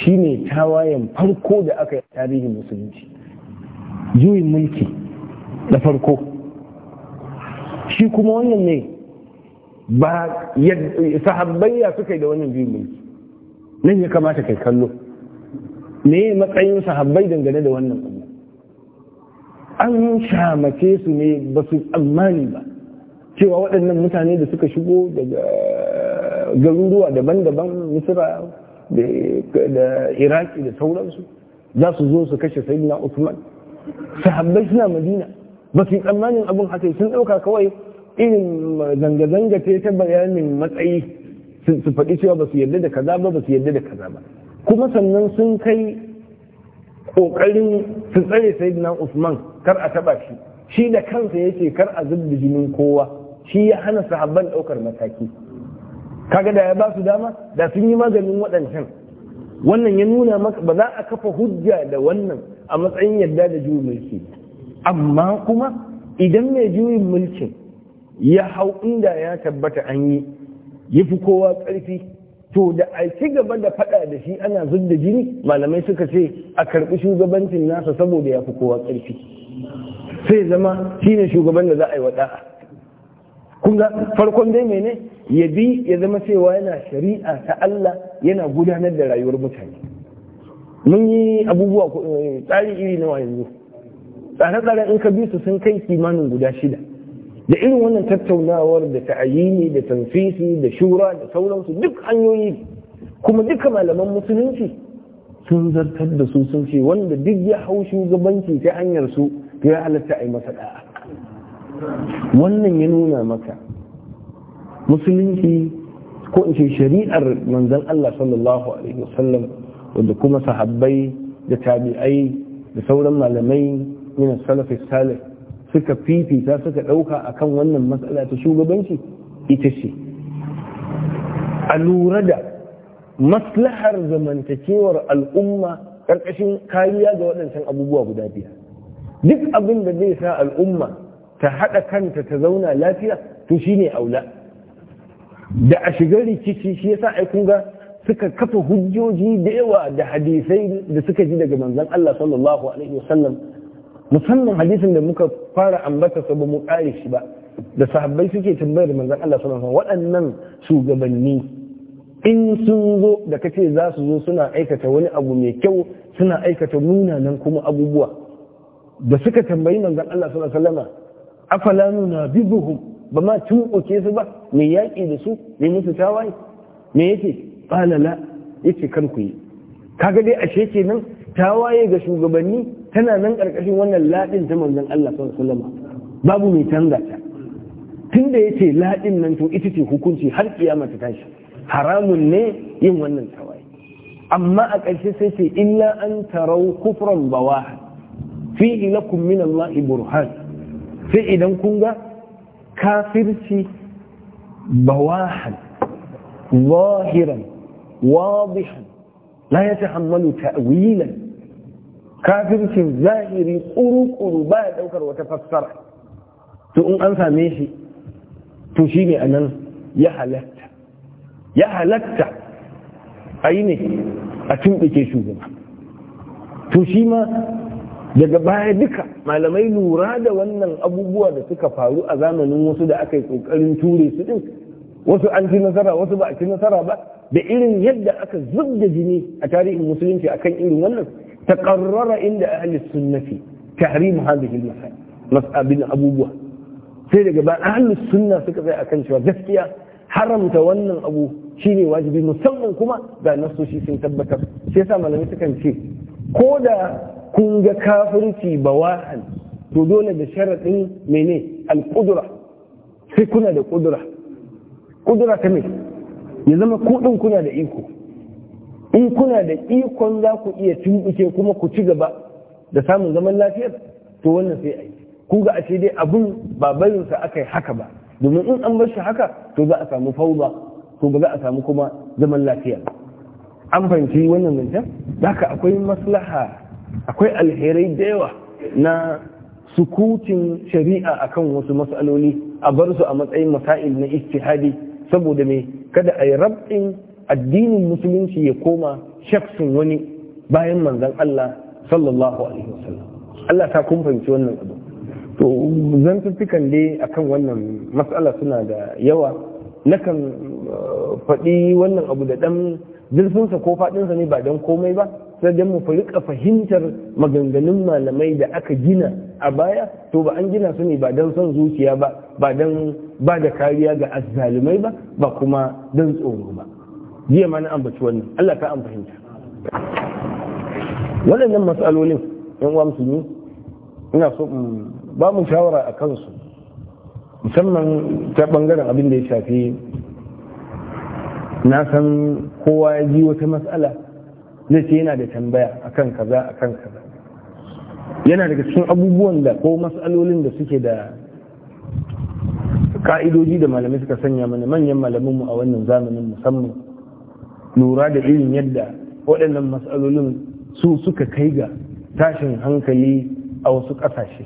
shi ne tawayen farko da aka yi tarihin musulunci juyin mulki Da farko shi kuma wannan ne ba ya suka yi da wannan biyu mulki nan ya kamata kai kallo me matsayin sahabbai dangane da wannan abu an shamace su ne ba su tsammani ba cewa waɗannan mutane da suka shigo daga garuruwa daban-daban misira da iraki da sauransu za su zo su kashe na usman sahabbai suna madina ba su tsammanin abin haka sun ɗauka kawai irin zanga-zanga ce ta bayanin matsayi su faɗi cewa ba su yarda da kaza ba ba su yarda da kaza ba kuma sannan sun kai ƙoƙarin su tsare sayyidina usman kar a taɓa shi shi da kansa ya ce kar a zubda jinin kowa shi ya hana sahabban ɗaukar mataki kaga da ya ba su dama da sun yi maganin waɗancan wannan ya nuna maka ba za a kafa hujja da wannan a matsayin yarda da juyin mulki amma kuma idan mai juyin mulkin ya hau inda ya tabbata an yi ya fi kowa ƙarfi to da a ci gaba da faɗa da shi ana zub da jini malamai suka ce a karɓi shugabancin nasa saboda ya fi kowa ƙarfi sai zama shi ne shugaban da za a yi wada'a kunga farkon dai mene ya bi ya zama cewa yana shari'a ta Allah yana gudanar da rayuwar mutane mun yi abubuwa eh, tsari iri nawa yanzu tsare-tsare in ka bi su sun kai kimanin guda shida da irin wannan tattaunawar da ta'ayini da tanfisi da shura da sauransu duk hanyoyi kuma duka malaman musulunci sun zartar da su sun ce wanda duk ya hau shugabanci ta hanyar su ya halatta a yi masa da'a wannan ya nuna maka musulunci ko in ce shari'ar manzon Allah sallallahu alaihi wasallam wanda kuma sahabbai da tabi'ai da sauran malamai min suka fifita suka a kan wannan matsala ta shugabanci ita ce a lura da maslahar zamantakewar al'umma ƙarƙashin kariya ga waɗancan abubuwa guda biyar duk abin da zai sa al'umma ta haɗa kanta ta zauna lafiya to shine aula da a shiga rikici shi yasa ai kun ga suka kafa hujjoji da yawa da hadisai da suka ji daga manzon Allah sallallahu alaihi wasallam musamman hadisin da muka fara ambata sa ba mu kare shi ba da sahabbai suke tambayar manzon Allah sallallahu alaihi waɗannan shugabanni in sun zo da kace za su zo suna aikata wani abu mai kyau suna aikata munanan kuma abubuwa da suka tambayi manzon Allah sallallahu alaihi wasallam afala nunabibuhum ba ma oke su ba me yaƙi da su me musu tawaye me yake ƙalala yace kan ku yi kaga dai ashe kenan tawaye ga shugabanni tana nan ƙarƙashin wannan laɗin ta manzon Allah sallallahu babu mai canza ta tun da yace laɗin nan to ita ce hukunci har kiyama ta tashi haramun ne yin wannan tawaye amma a ƙarshe sai ce illa an tarau kufran bawaha fi lakum min Allah burhan sai idan kun ga kafirci bawahan zahiran wadihan la yatahammalu ta'wilan kafircin zahiri kuru-kuru ba ya ɗaukar wata fassara to in an same shi to shi ne a nan ya halatta ya halatta a yi ne a tumɓuke shugaba to shi ma daga baya duka malamai lura da wannan abubuwa da suka faru a zamanin wasu da aka yi ƙoƙarin ture su ɗin wasu an ci nasara wasu ba a ci nasara ba da irin yadda aka zub da jini a tarihin musulunci akan irin wannan تقرر عند أهل السنة تحريم هذه المسألة مسألة بن أبو بكر sai daga ba ahlus sunna suka tsaya akan cewa gaskiya haramta wannan abu shine wajibi musamman kuma ga nasoshi sun tabbatar sai yasa malamai sukan ce ko da kun ga kafirci bawahan to dole da sharaɗin mene al-qudra sai kuna da qudra qudra ta ya zama kuɗin kuna da iko in kuna da ikon za ku iya tumbuke kuma ku ci gaba da samun zaman lafiyar to wannan sai a yi ku ga ce dai abun ba barinsa aka yi haka ba domin in an bar shi haka to za a samu fauba to ba za a samu kuma zaman lafiya an fahimci wannan zancen haka akwai maslaha akwai alherai da yawa na sukutin shari'a akan wasu masaloli a bar su a matsayin masail na istihadi saboda me kada a yi rabin addinin musulunci ya koma shafsin wani bayan manzon Allah sallallahu alaihi wasallam Allah ta kun fahimci wannan abu to zantuttukan dai akan wannan matsala suna da yawa nakan uh, faɗi wannan abu da ɗan zirfinsa ko faɗinsa ne ba don komai ba sai don mu rika fahimtar maganganun malamai da aka gina a baya to ba an gina su ne ba don son zuciya ba ba don ba da kariya ga azzalumai ba ba kuma don tsoro ba jiya ma na ambaci wannan Allah ka an fahimta waɗannan matsalolin yan uwa musulmi ina so ba mu shawara a kansu musamman ta bangaren abin da ya shafi na san kowa ya ji wata matsala zai ce yana da tambaya akan kaza akan kaza yana daga cikin abubuwan da ko matsalolin da suke da ka'idoji da malamai suka sanya mana manyan malamanmu a wannan zamanin musamman lura da irin yadda waɗannan matsalolin su suka kai ga tashin hankali a wasu ƙasashe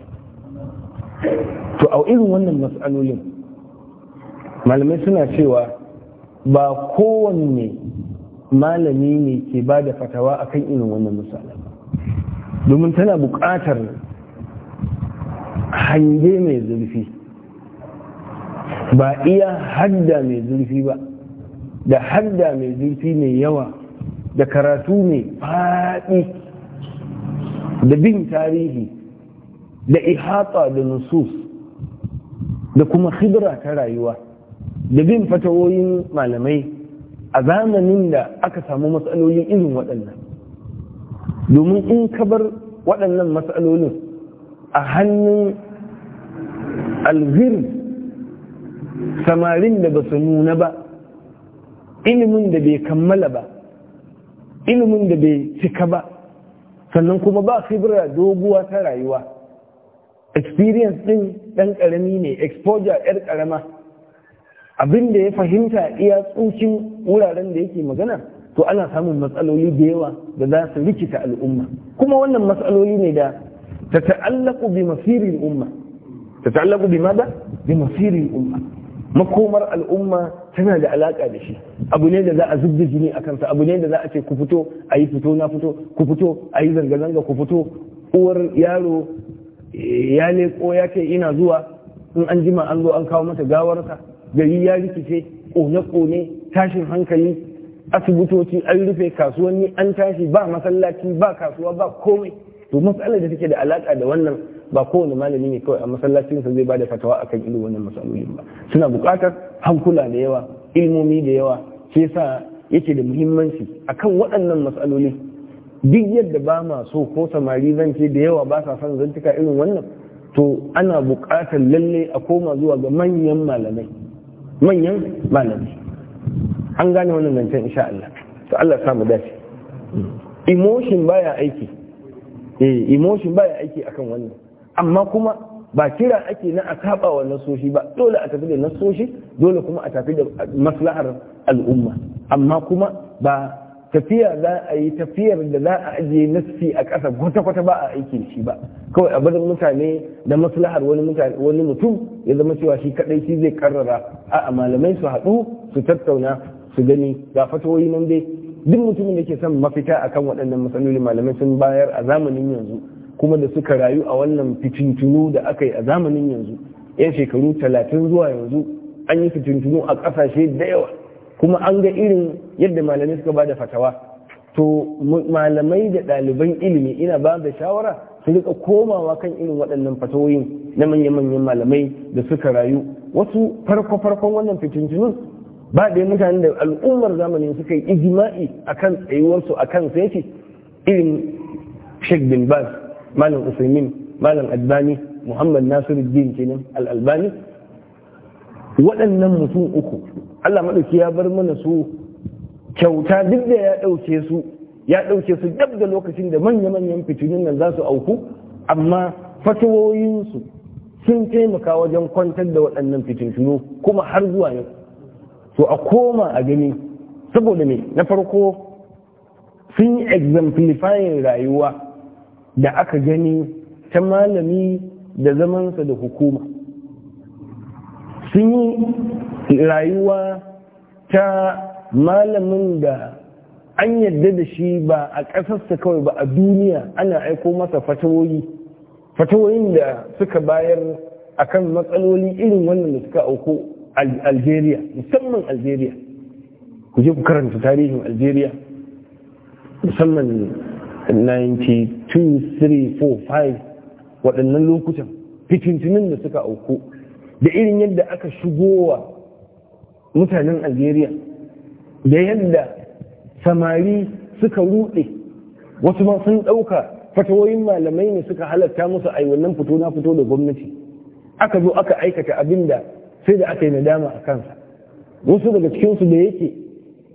to a irin wannan matsalolin malamai suna cewa ba kowanne malami ne ke ba da fatawa a kan irin wannan misalin domin tana buƙatar hange mai zurfi ba iya hadda mai zurfi ba da hadda mai zurfi mai yawa da karatu mai faɗi da bin tarihi da ihata da nusus da kuma khibra ta rayuwa da bin fatawoyin malamai a zamanin da aka samu matsalolin irin waɗannan domin in ka bar waɗannan matsalolin a hannun alghir samarin da ba su nuna ba ilimin da bai kammala ba ilimin da bai cika ba sannan kuma ba fibra doguwa ta rayuwa experience din dan karami ne exposure yar karama abin da ya fahimta iya tsokin wuraren da yake magana to ana samun matsaloli da yawa da za su rikita al'umma kuma wannan matsaloli ne da ta ta'allaku bi masirin umma ta ta'allaku bi mada bi masirin umma makomar al'umma tana da alaka da shi abu ne da za a zubda jini a kansa abu ne da za a ce ku fito a yi fito na fito ku fito a yi zanga-zanga ku fito uwar yaro ya leko ya ce ina zuwa in an jima an zo an kawo mata gawarsa gari ya rikice kone-kone tashin hankali asibitoci an rufe kasuwanni an tashi ba masallaci ba kasuwa ba komai to matsalar da take da alaka da wannan ba kowane malami ne kawai a sa zai bada fatawa akan irin wannan masalolin ba suna buƙatar hankula da yawa ilmomi da yawa sai sa yake da muhimmanci akan waɗannan masaloli duk yadda ba ma so ko samari zan ce da yawa ba sa son zantuka irin wannan to ana buƙatar lalle a koma zuwa ga manyan malamai manyan malamai an gane wannan zancen insha Allah to Allah samu dace emotion baya aiki eh emotion baya aiki akan wannan amma kuma ba kira ake na a saba wa nasoshi ba dole a tafi da nasoshi dole kuma a tafi da maslahar al'umma amma kuma ba tafiya za a yi tafiyar da za a ajiye nassi a ƙasa kwata-kwata ba a aiki shi ba kawai a barin mutane da maslahar wani mutum ya zama cewa shi kadai shi zai karrara a malamai su haɗu su tattauna su gani ga fatawoyi nan dai duk mutumin da ke son mafita akan waɗannan matsaloli malamai sun bayar a zamanin yanzu kuma da suka rayu a wannan fitintunu da aka yi a zamanin yanzu yan shekaru talatin zuwa yanzu an yi fitintunu a ƙasashe da yawa kuma an ga irin yadda malamai suka ba da fatawa to malamai da ɗaliban ilimi ina ba da shawara su rika komawa kan irin waɗannan fatawoyin na manya-manyan malamai da suka rayu wasu farko-farkon wannan fitintunun ba da mutane da al'ummar zamani suka yi ijima'i akan tsayuwarsu akan sai irin Sheikh bin Baz malam usaimin malam albani muhammad nasiruddin kenan al-albani waɗannan mutum uku allah maɗauki ya bar mana su kyauta duk da ya ɗauke su ya ɗauke su dab da lokacin da manya-manyan fitinin nan za su auku amma fatawoyinsu sun taimaka wajen kwantar da waɗannan fitintunu kuma har zuwa yau to a koma a gani saboda me na farko sun yi exemplifying rayuwa da aka gani ta malami da zamansa da hukuma sun yi rayuwa ta malamin da an yadda da shi ba a ƙasarsa kawai ba a duniya ana aiko masa fatawoyi fatawoyin da suka bayar akan matsaloli irin wannan da suka auko algeria musamman algeria ku je ku karanta tarihin algeria musamman 92 3 waɗannan lokutan fitintunin da suka auku da irin yadda aka shigo wa mutanen algeria da yadda samari suka ruɗe wasu ma sun ɗauka fatawoyin malamai ne suka halatta musu yi wannan fito na fito da gwamnati aka zo aka aikata abin da sai da aka yi nadama a kansa wasu daga cikinsu da yake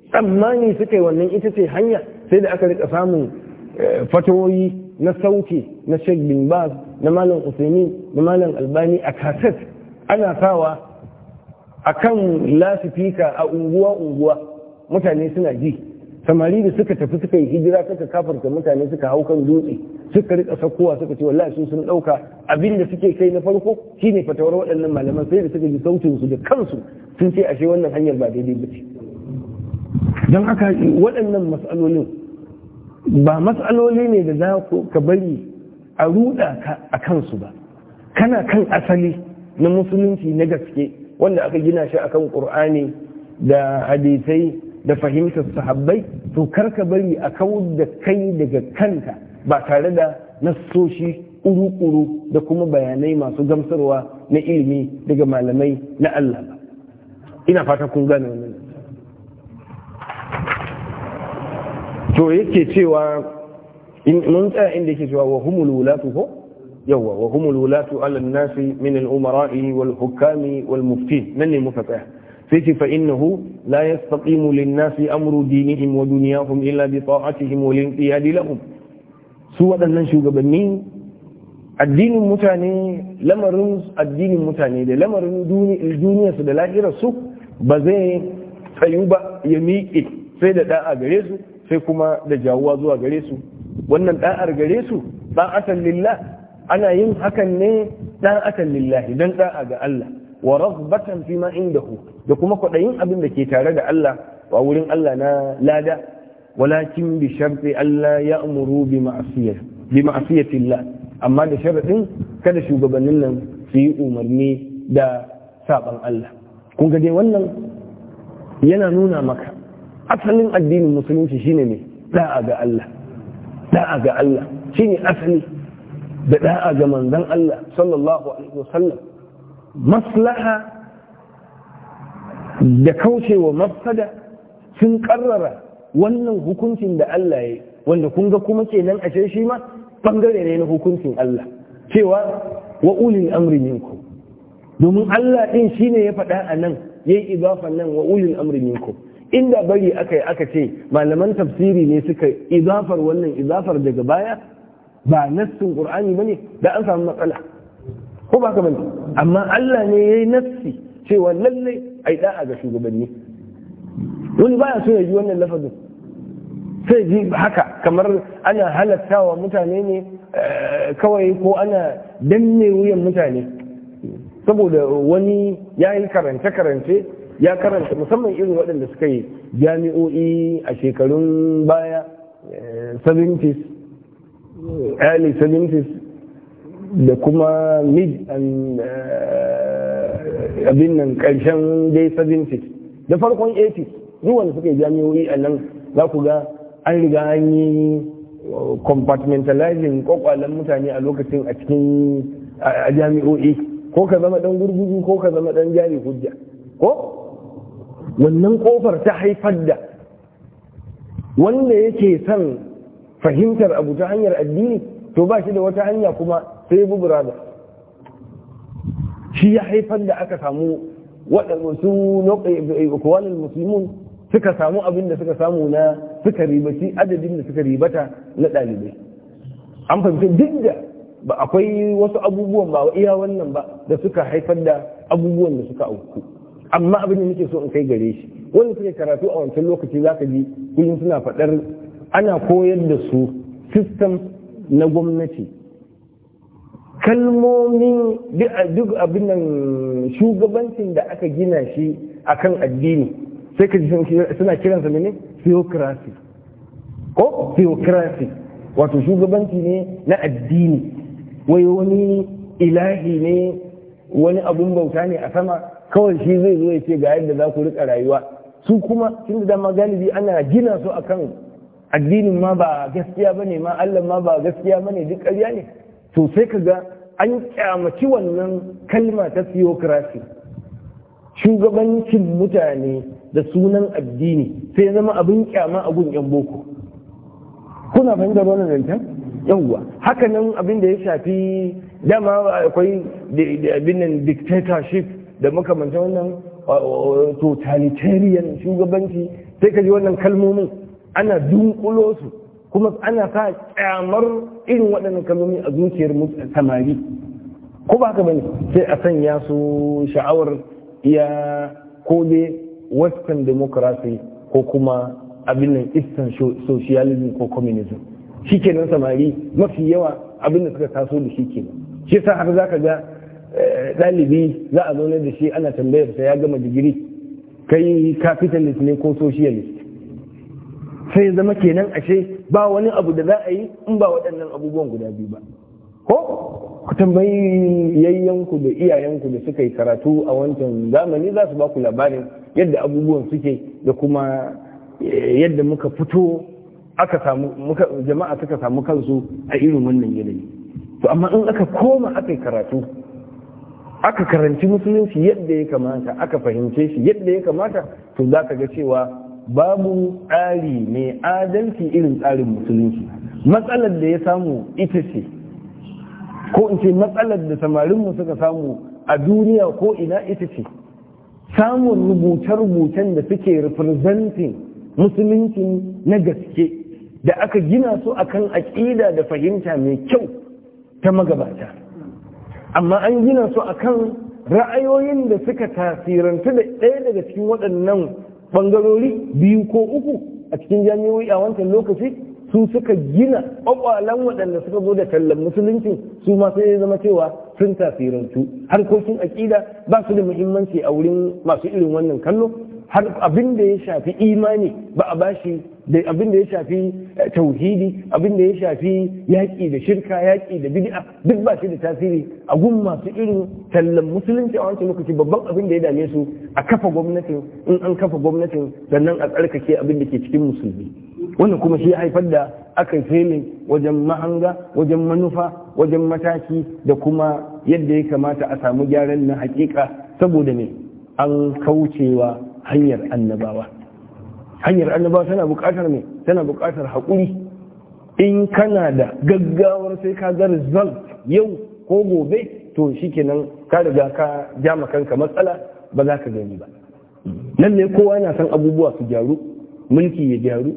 tsammani suka yi wannan ita ce hanya sai da aka rika samun fatawoyi na sauke na sheikh bin baz na malam usaini na malam albani a kaset ana sawa a kan lasifika a unguwa-unguwa mutane suna ji samari da suka tafi suka yi hijira suka kafarta mutane suka hau kan dutse suka rika sakkowa suka ce wallahi sun dauka abin da suke kai na farko shine fatawar waɗannan malaman sai da suka ji sautin su da kansu sun ce ashe wannan hanyar ba daidai ba ce don haka waɗannan mas'alolin. ba matsaloli ne da za ka bari a ruɗa a kansu ba kana kan asali na musulunci na gaske wanda aka gina shi a kan ƙur'ani da hadisai da fahimtar sahabbai to karka bari a kawar da kai daga kanka ba tare da nassoshi uru-uru da kuma bayanai masu gamsarwa na ilimi daga malamai na Allah ba ina fata kun gane wannan to yake cewa mun tsaya inda yake cewa wa humul wulatu ko yawa wa humul wulatu ala nasi min al umara'i wal hukami wal muftin nan ne muka tsaya sai ce fa innahu la yastaqimu lin nasi amru dinihim wa dunyahum illa bi ta'atihim wa lin qiyadi lahum su waɗannan shugabanni addinin mutane lamarin addinin mutane da lamarin duniyarsu da lahirarsu ba zai tsayu ba ya miƙe sai da da'a gare su sai kuma da jawuwa zuwa gare su wannan da'ar gare su da'atan lillah ana yin hakan ne da'atan lillahi dan da'a ga Allah wa raghbatan fi ma indahu da kuma kwadayin abin da ke tare da Allah ba wurin Allah na lada walakin bi sharti Allah ya'muru bi ma'siyah bi ma'siyatillah amma da sharadin kada shugabannin nan su yi umarni da saban Allah kun ga dai wannan yana nuna maka asalin addinin musulunci shine ne da'a ga Allah da'a ga Allah shine asali da da'a ga manzon Allah sallallahu alaihi wasallam maslaha da wa mafsada sun karrara wannan hukuncin da Allah ya yi wanda kun ga kuma kenan a shi ma bangare ne na hukuncin Allah cewa wa ulil amri minkum domin Allah din shine ya faɗa a nan yayi idafan nan wa ulil amri minkum inda bari aka yi aka ce malaman tafsiri ne suka izafar wannan izafar daga baya ba nassin qur'ani bane da an samu matsala ko ba ka bane amma Allah ne yayi nassi cewa lalle ai da'a ga shugabanni wani baya so ya ji wannan lafazin sai ji haka kamar ana halatta wa mutane ne eh, kawai ko ana danne wuyan mutane saboda wani yayi yi karance-karance ya karanta musamman irin waɗanda suka yi jami'o'i a shekarun baya 70s eh, early 70s da kuma mid and eh, abin nan ƙarshen dai 70s da farkon 80s wanda suka yi jami'o'i a nan za ku ga an riga an yi eh, compartmentalizing kwakwalen mutane a lokacin a cikin jami'o'i ko ka zama ɗan gurguzu ko ka zama ɗan jami'o'i ko wannan kofar ta haifar da wanda yake son fahimtar abu ta hanyar addini to ba shi da wata hanya kuma sai bu burada shi ya haifar da aka samu waɗansu musulmun suka samu abin da suka samu na suka ribaci adadin da suka ribata na ɗalibai an fahimta duk da ba akwai wasu abubuwan ba iya wannan ba da suka haifar da abubuwan da suka auku amma abin da nake so in kai gare shi Wani suke karatu a wancan lokaci za ka ji kullum suna faɗar ana koyar da su sistem na gwamnati kalmomin duk abin nan shugabancin da aka gina shi akan addini sai ka ji suna kiransa ne theocracy ko theocracy wato shugabanci ne na addini wai wani ilahi ne wani abun bauta ne a sama kawai shi zai zo ya ce ga yadda za ku rika rayuwa su kuma sun da dama galibi ana gina su a kan addinin ma ba gaskiya ba ne ma Allah ma ba gaskiya ba ne duk ƙarya ne to sai ka ga an kyamaci wannan kalma ta theocracy shugabancin mutane da sunan addini sai zama abin kyama a gun yan boko kuna fahimtar wannan zancen yawwa haka nan abin da ya shafi dama akwai abin nan dictatorship da manta wannan totalitarian shugabanci sai ka ji wannan kalmomin ana dunkulo su kuma ana sa kyamar irin waɗannan kalmomi a zuciyar samari ko ba ka bane sai a sanya su sha'awar iya ko western democracy ko kuma abin nan eastern socialism ko communism shi kenan samari mafi yawa abin da suka taso da shi kenan shi sa har za ka ga ɗalibi za a zaune da shi ana tambayar sa ya gama digiri kai capitalist ne ko socialist sai zama kenan ashe ba wani abu da za a yi in ba waɗannan abubuwan guda biyu ba ko ku tambayi yayyanku da iyayenku da suka yi karatu a wancan zamani za su ba ku labarin yadda abubuwan suke da kuma eh, yadda muka fito aka samu muka jama'a suka samu kansu a irin wannan yanayi to amma in aka koma aka yi karatu aka karanci musulunci yadda ya kamata aka fahimce shi yadda ya kamata to za ka ga cewa babu tsari mai adalci irin tsarin musulunci matsalar da ya samu ita ce ko in ce matsalar da samarinmu suka samu a duniya ko ina ita ce samun rubuce-rubucen da suke representing musulunci na gaske da aka gina su akan aƙida da fahimta mai kyau ta magabata amma an gina su a kan ra'ayoyin da suka tasirantu da ɗaya daga cikin waɗannan ɓangarori biyu ko uku a cikin jami'o'i a wancan lokaci su suka gina ƙwaƙwalan waɗanda suka zo da tallan musulunci su ma sai ya zama cewa sun tasirantu harkokin aƙida ba su da muhimmanci a wurin masu irin wannan kallo har abin da ya shafi imani ba a bashi da abin da ya shafi eh, tauhidi abin da ya shafi yaƙi da shirka yaƙi da bid'a duk ba shi da tasiri a gun masu irin tallan musulunci a wancan lokaci babban abin da ya dame su a kafa gwamnatin in an kafa gwamnatin sannan a tsarkake abin da ke cikin musulmi wannan kuma shi ya haifar da aka yi wajen mahanga wajen manufa wajen mataki da kuma yadda ya kamata a samu gyaran na hakika saboda me an kaucewa hanyar annabawa hanyar annaba tana buƙatar mai tana buƙatar haƙuri in kana da gaggawar sai ka ga result yau ko gobe to shi shikenan ka riga ka jama kanka matsala ba za ka gani ba nan ne kowa yana san abubuwa su gyaru mulki ya gyaru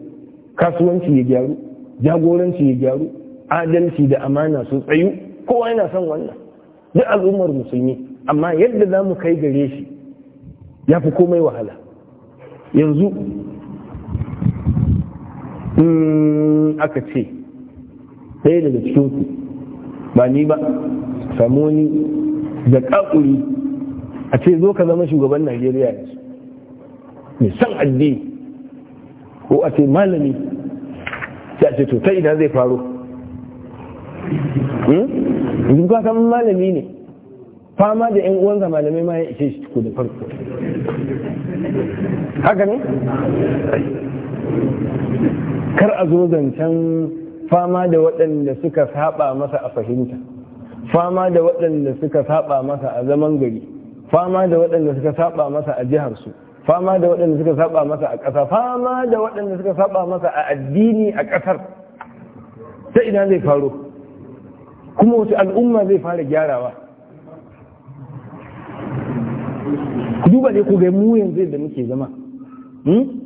kasuwanci ya gyaru jagoranci ya gyaru adalci da amana su tsayu kowa yana son wannan duk al'ummar musulmi amma yadda za mu kai gare shi ya fi komai wahala yanzu in aka ce ɗaya daga cikinku ba ni ba samu wani da ƙaƙuri a ce zo ka zama shugaban najeriya yanzu mai san addini ko a ce malami ta a ce to ta idan zai faro hmm? yanzu ka malami ne fama da yan uwansa malamai ma ya ishe shi ko da farko haka ne kar a zo zancen fama da waɗanda suka saba masa a fahimta fama da waɗanda suka saba masa a zaman gari fama da waɗanda suka saba masa a jiharsu fama da waɗanda suka saba masa a ƙasa fama da waɗanda suka saba masa a addini a ƙasar ta ina zai faro kuma wasu al'umma zai fara gyarawa ku duba ne ku ga mu yanzu da muke zama hmm?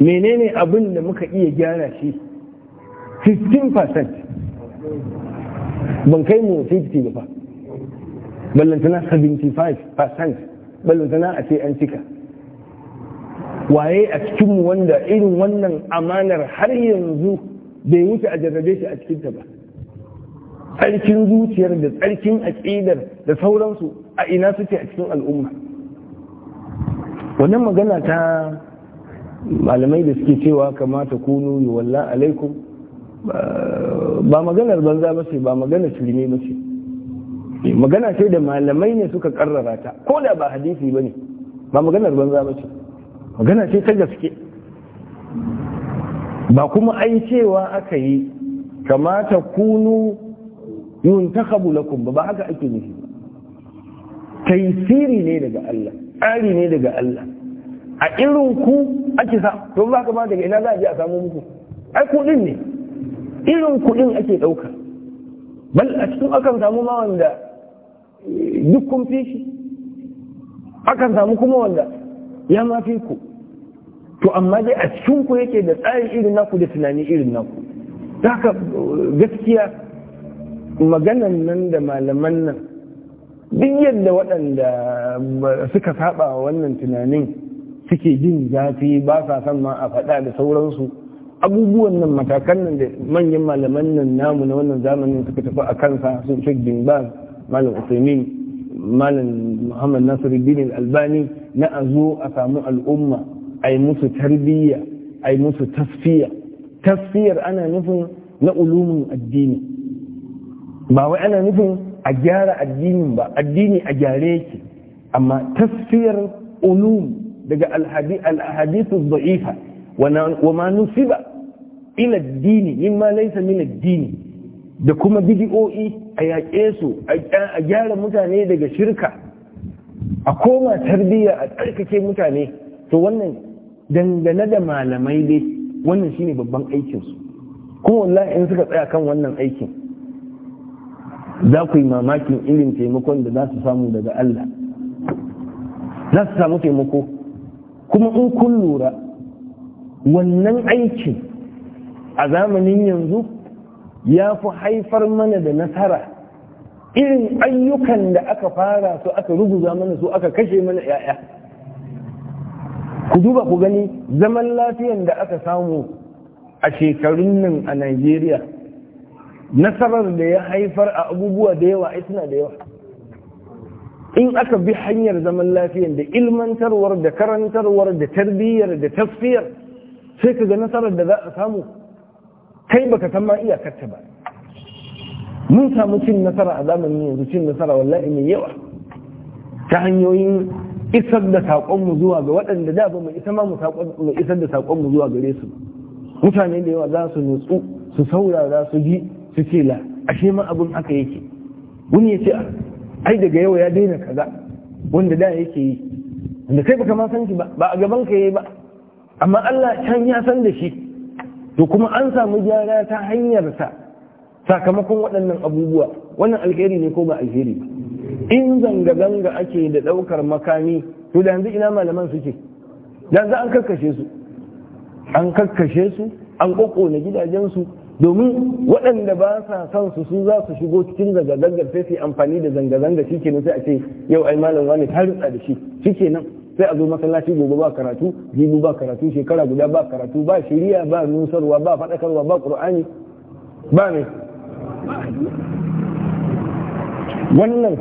menene abin da muka iya gyara shi 15% ban kai mu 50 ba ballantana 75% ballantana a ce an cika waye a cikinmu wanda irin wannan amanar har yanzu bai wuce a jarrabe shi a cikinta ba tsarkin zuciyar da tsarkin aƙidar da sauransu a ina suke a cikin al'umma wannan magana ta malamai da suke cewa kamata kunu yi walla alaikum ba maganar banza ba ce ba maganar shirme ba ce magana ce da malamai ne suka karrara ta ko da ba hadisi ba ne ba maganar banza ba ce magana ce ta gaske ba kuma ai cewa aka yi kamata kunu yun takabu lakum ba ba haka ake nufi ba ne daga Allah tsari ne daga Allah a irin ku ake sa to ba ka ba daga ina za a je a samu muku ai kuɗin ne irin kuɗin ake ɗauka bal a cikin akan samu ma wanda eh, duk kun fi shi akan samu kuma wanda ya ma fi ku to amma dai a cikin ku yake da tsarin irin naku da tunani irin naku ta haka eh, gaskiya maganan nan da malaman nan duk yadda waɗanda suka saba wannan tunanin suke jin zafi ba sa son ma a faɗa da sauransu abubuwan nan matakan nan da manyan malaman nan namu na wannan zamanin suka tafi a kansa sun shek bin ba malam usaimin malam muhammad nasiru bin albani na a zo a samu al'umma a yi musu tarbiyya a yi musu tasfiya tasfiyar ana nufin na ulumin addini ba wai ana nufin a gyara addinin ba addini a gyare yake amma tasfiyar ulum daga al-ahadithu dha'ifa wa ma nusiba ila ad-dini mimma laysa min ad-dini da kuma bidi'o'i a yaƙe su a gyara mutane daga shirka a koma tarbiyya a tsarkake mutane to wannan dangane da malamai dai wannan shine babban aikinsu kuma wallahi in suka tsaya kan wannan aikin za ku yi mamakin irin taimakon da za su samu daga Allah za su samu taimako kuma in kun lura wannan aikin a zamanin yanzu ya fi haifar mana da nasara irin ayyukan da aka fara su aka ruguza mana su aka kashe mana 'ya'ya ku duba ku gani zaman lafiyan da aka samu a shekarun nan a Najeriya nasarar da ya haifar a abubuwa da yawa ai suna da yawa in aka bi hanyar zaman lafiyar da ilmantarwar da karantarwar da tarbiyyar da tafsiyar sai ka ga nasarar da za a samu kai baka san ma iyakarta ba mun samu cin nasara a zamanin yanzu cin nasara wallahi mai yawa ta hanyoyin isar da mu zuwa ga waɗanda da ba mu isa ma mu isar da mu zuwa gare su mutane da yawa za su nutsu su saurara su ji su ce la ashe ma abun aka yake wani ya ce ah, ai daga yau ya daina kaza wanda da yake yi wanda kai baka ma san shi ba ba a gaban ka yayi ba amma Allah can ya san da shi to kuma an samu gyara ta hanyar sa sakamakon waɗannan abubuwa wannan alheri ne ko ba alheri in zanga zanga ake da ɗaukar makami to da yanzu ina malaman suke yanzu an karkashe su an karkashe su an gidajen gidajensu domin waɗanda ba sa son su su za su shigo cikin zanga-zangar sai su amfani da zanga-zanga shi kenan sai a ce yau ai malam wani ta rutsa da shi shi kenan sai a zo masallaci gobe ba karatu jibi ba karatu shekara guda ba karatu ba shiriya ba nusarwa ba faɗakarwa ba ƙur'ani ba ne wannan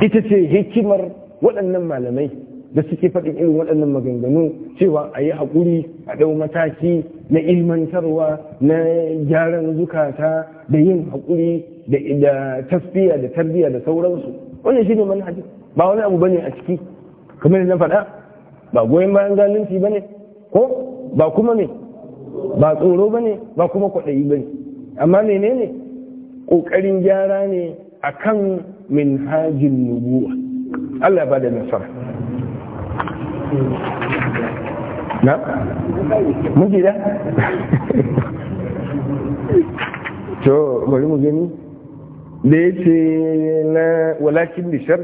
ita ce hikimar waɗannan malamai da suke faɗin irin waɗannan maganganu cewa a yi haƙuri a ɗau mataki na ilmantarwa na gyaran zukata da yin haƙuri da tasfiya da tarbiyya da sauransu wannan shi ne manhajin ba wani abu bane a ciki kamar na faɗa ba goyon bayan zalunci ne ko ba kuma ne ba tsoro ba ne? ba kuma kwaɗayi bane amma menene ƙoƙarin gyara ne akan minhajin nubuwa Allah ba da nasara na muji da to bari mu gani da ya ce na walakin da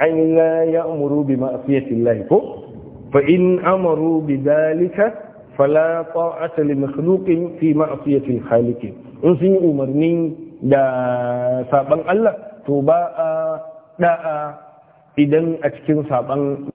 an la ya amuru bi ma'asiyatin ko fa in amaru bi dalika fala ta'ata li makhluqin fi ma'asiyatin khaliqin in sun yi umarni da saban Allah to ba a da'a idan a cikin saban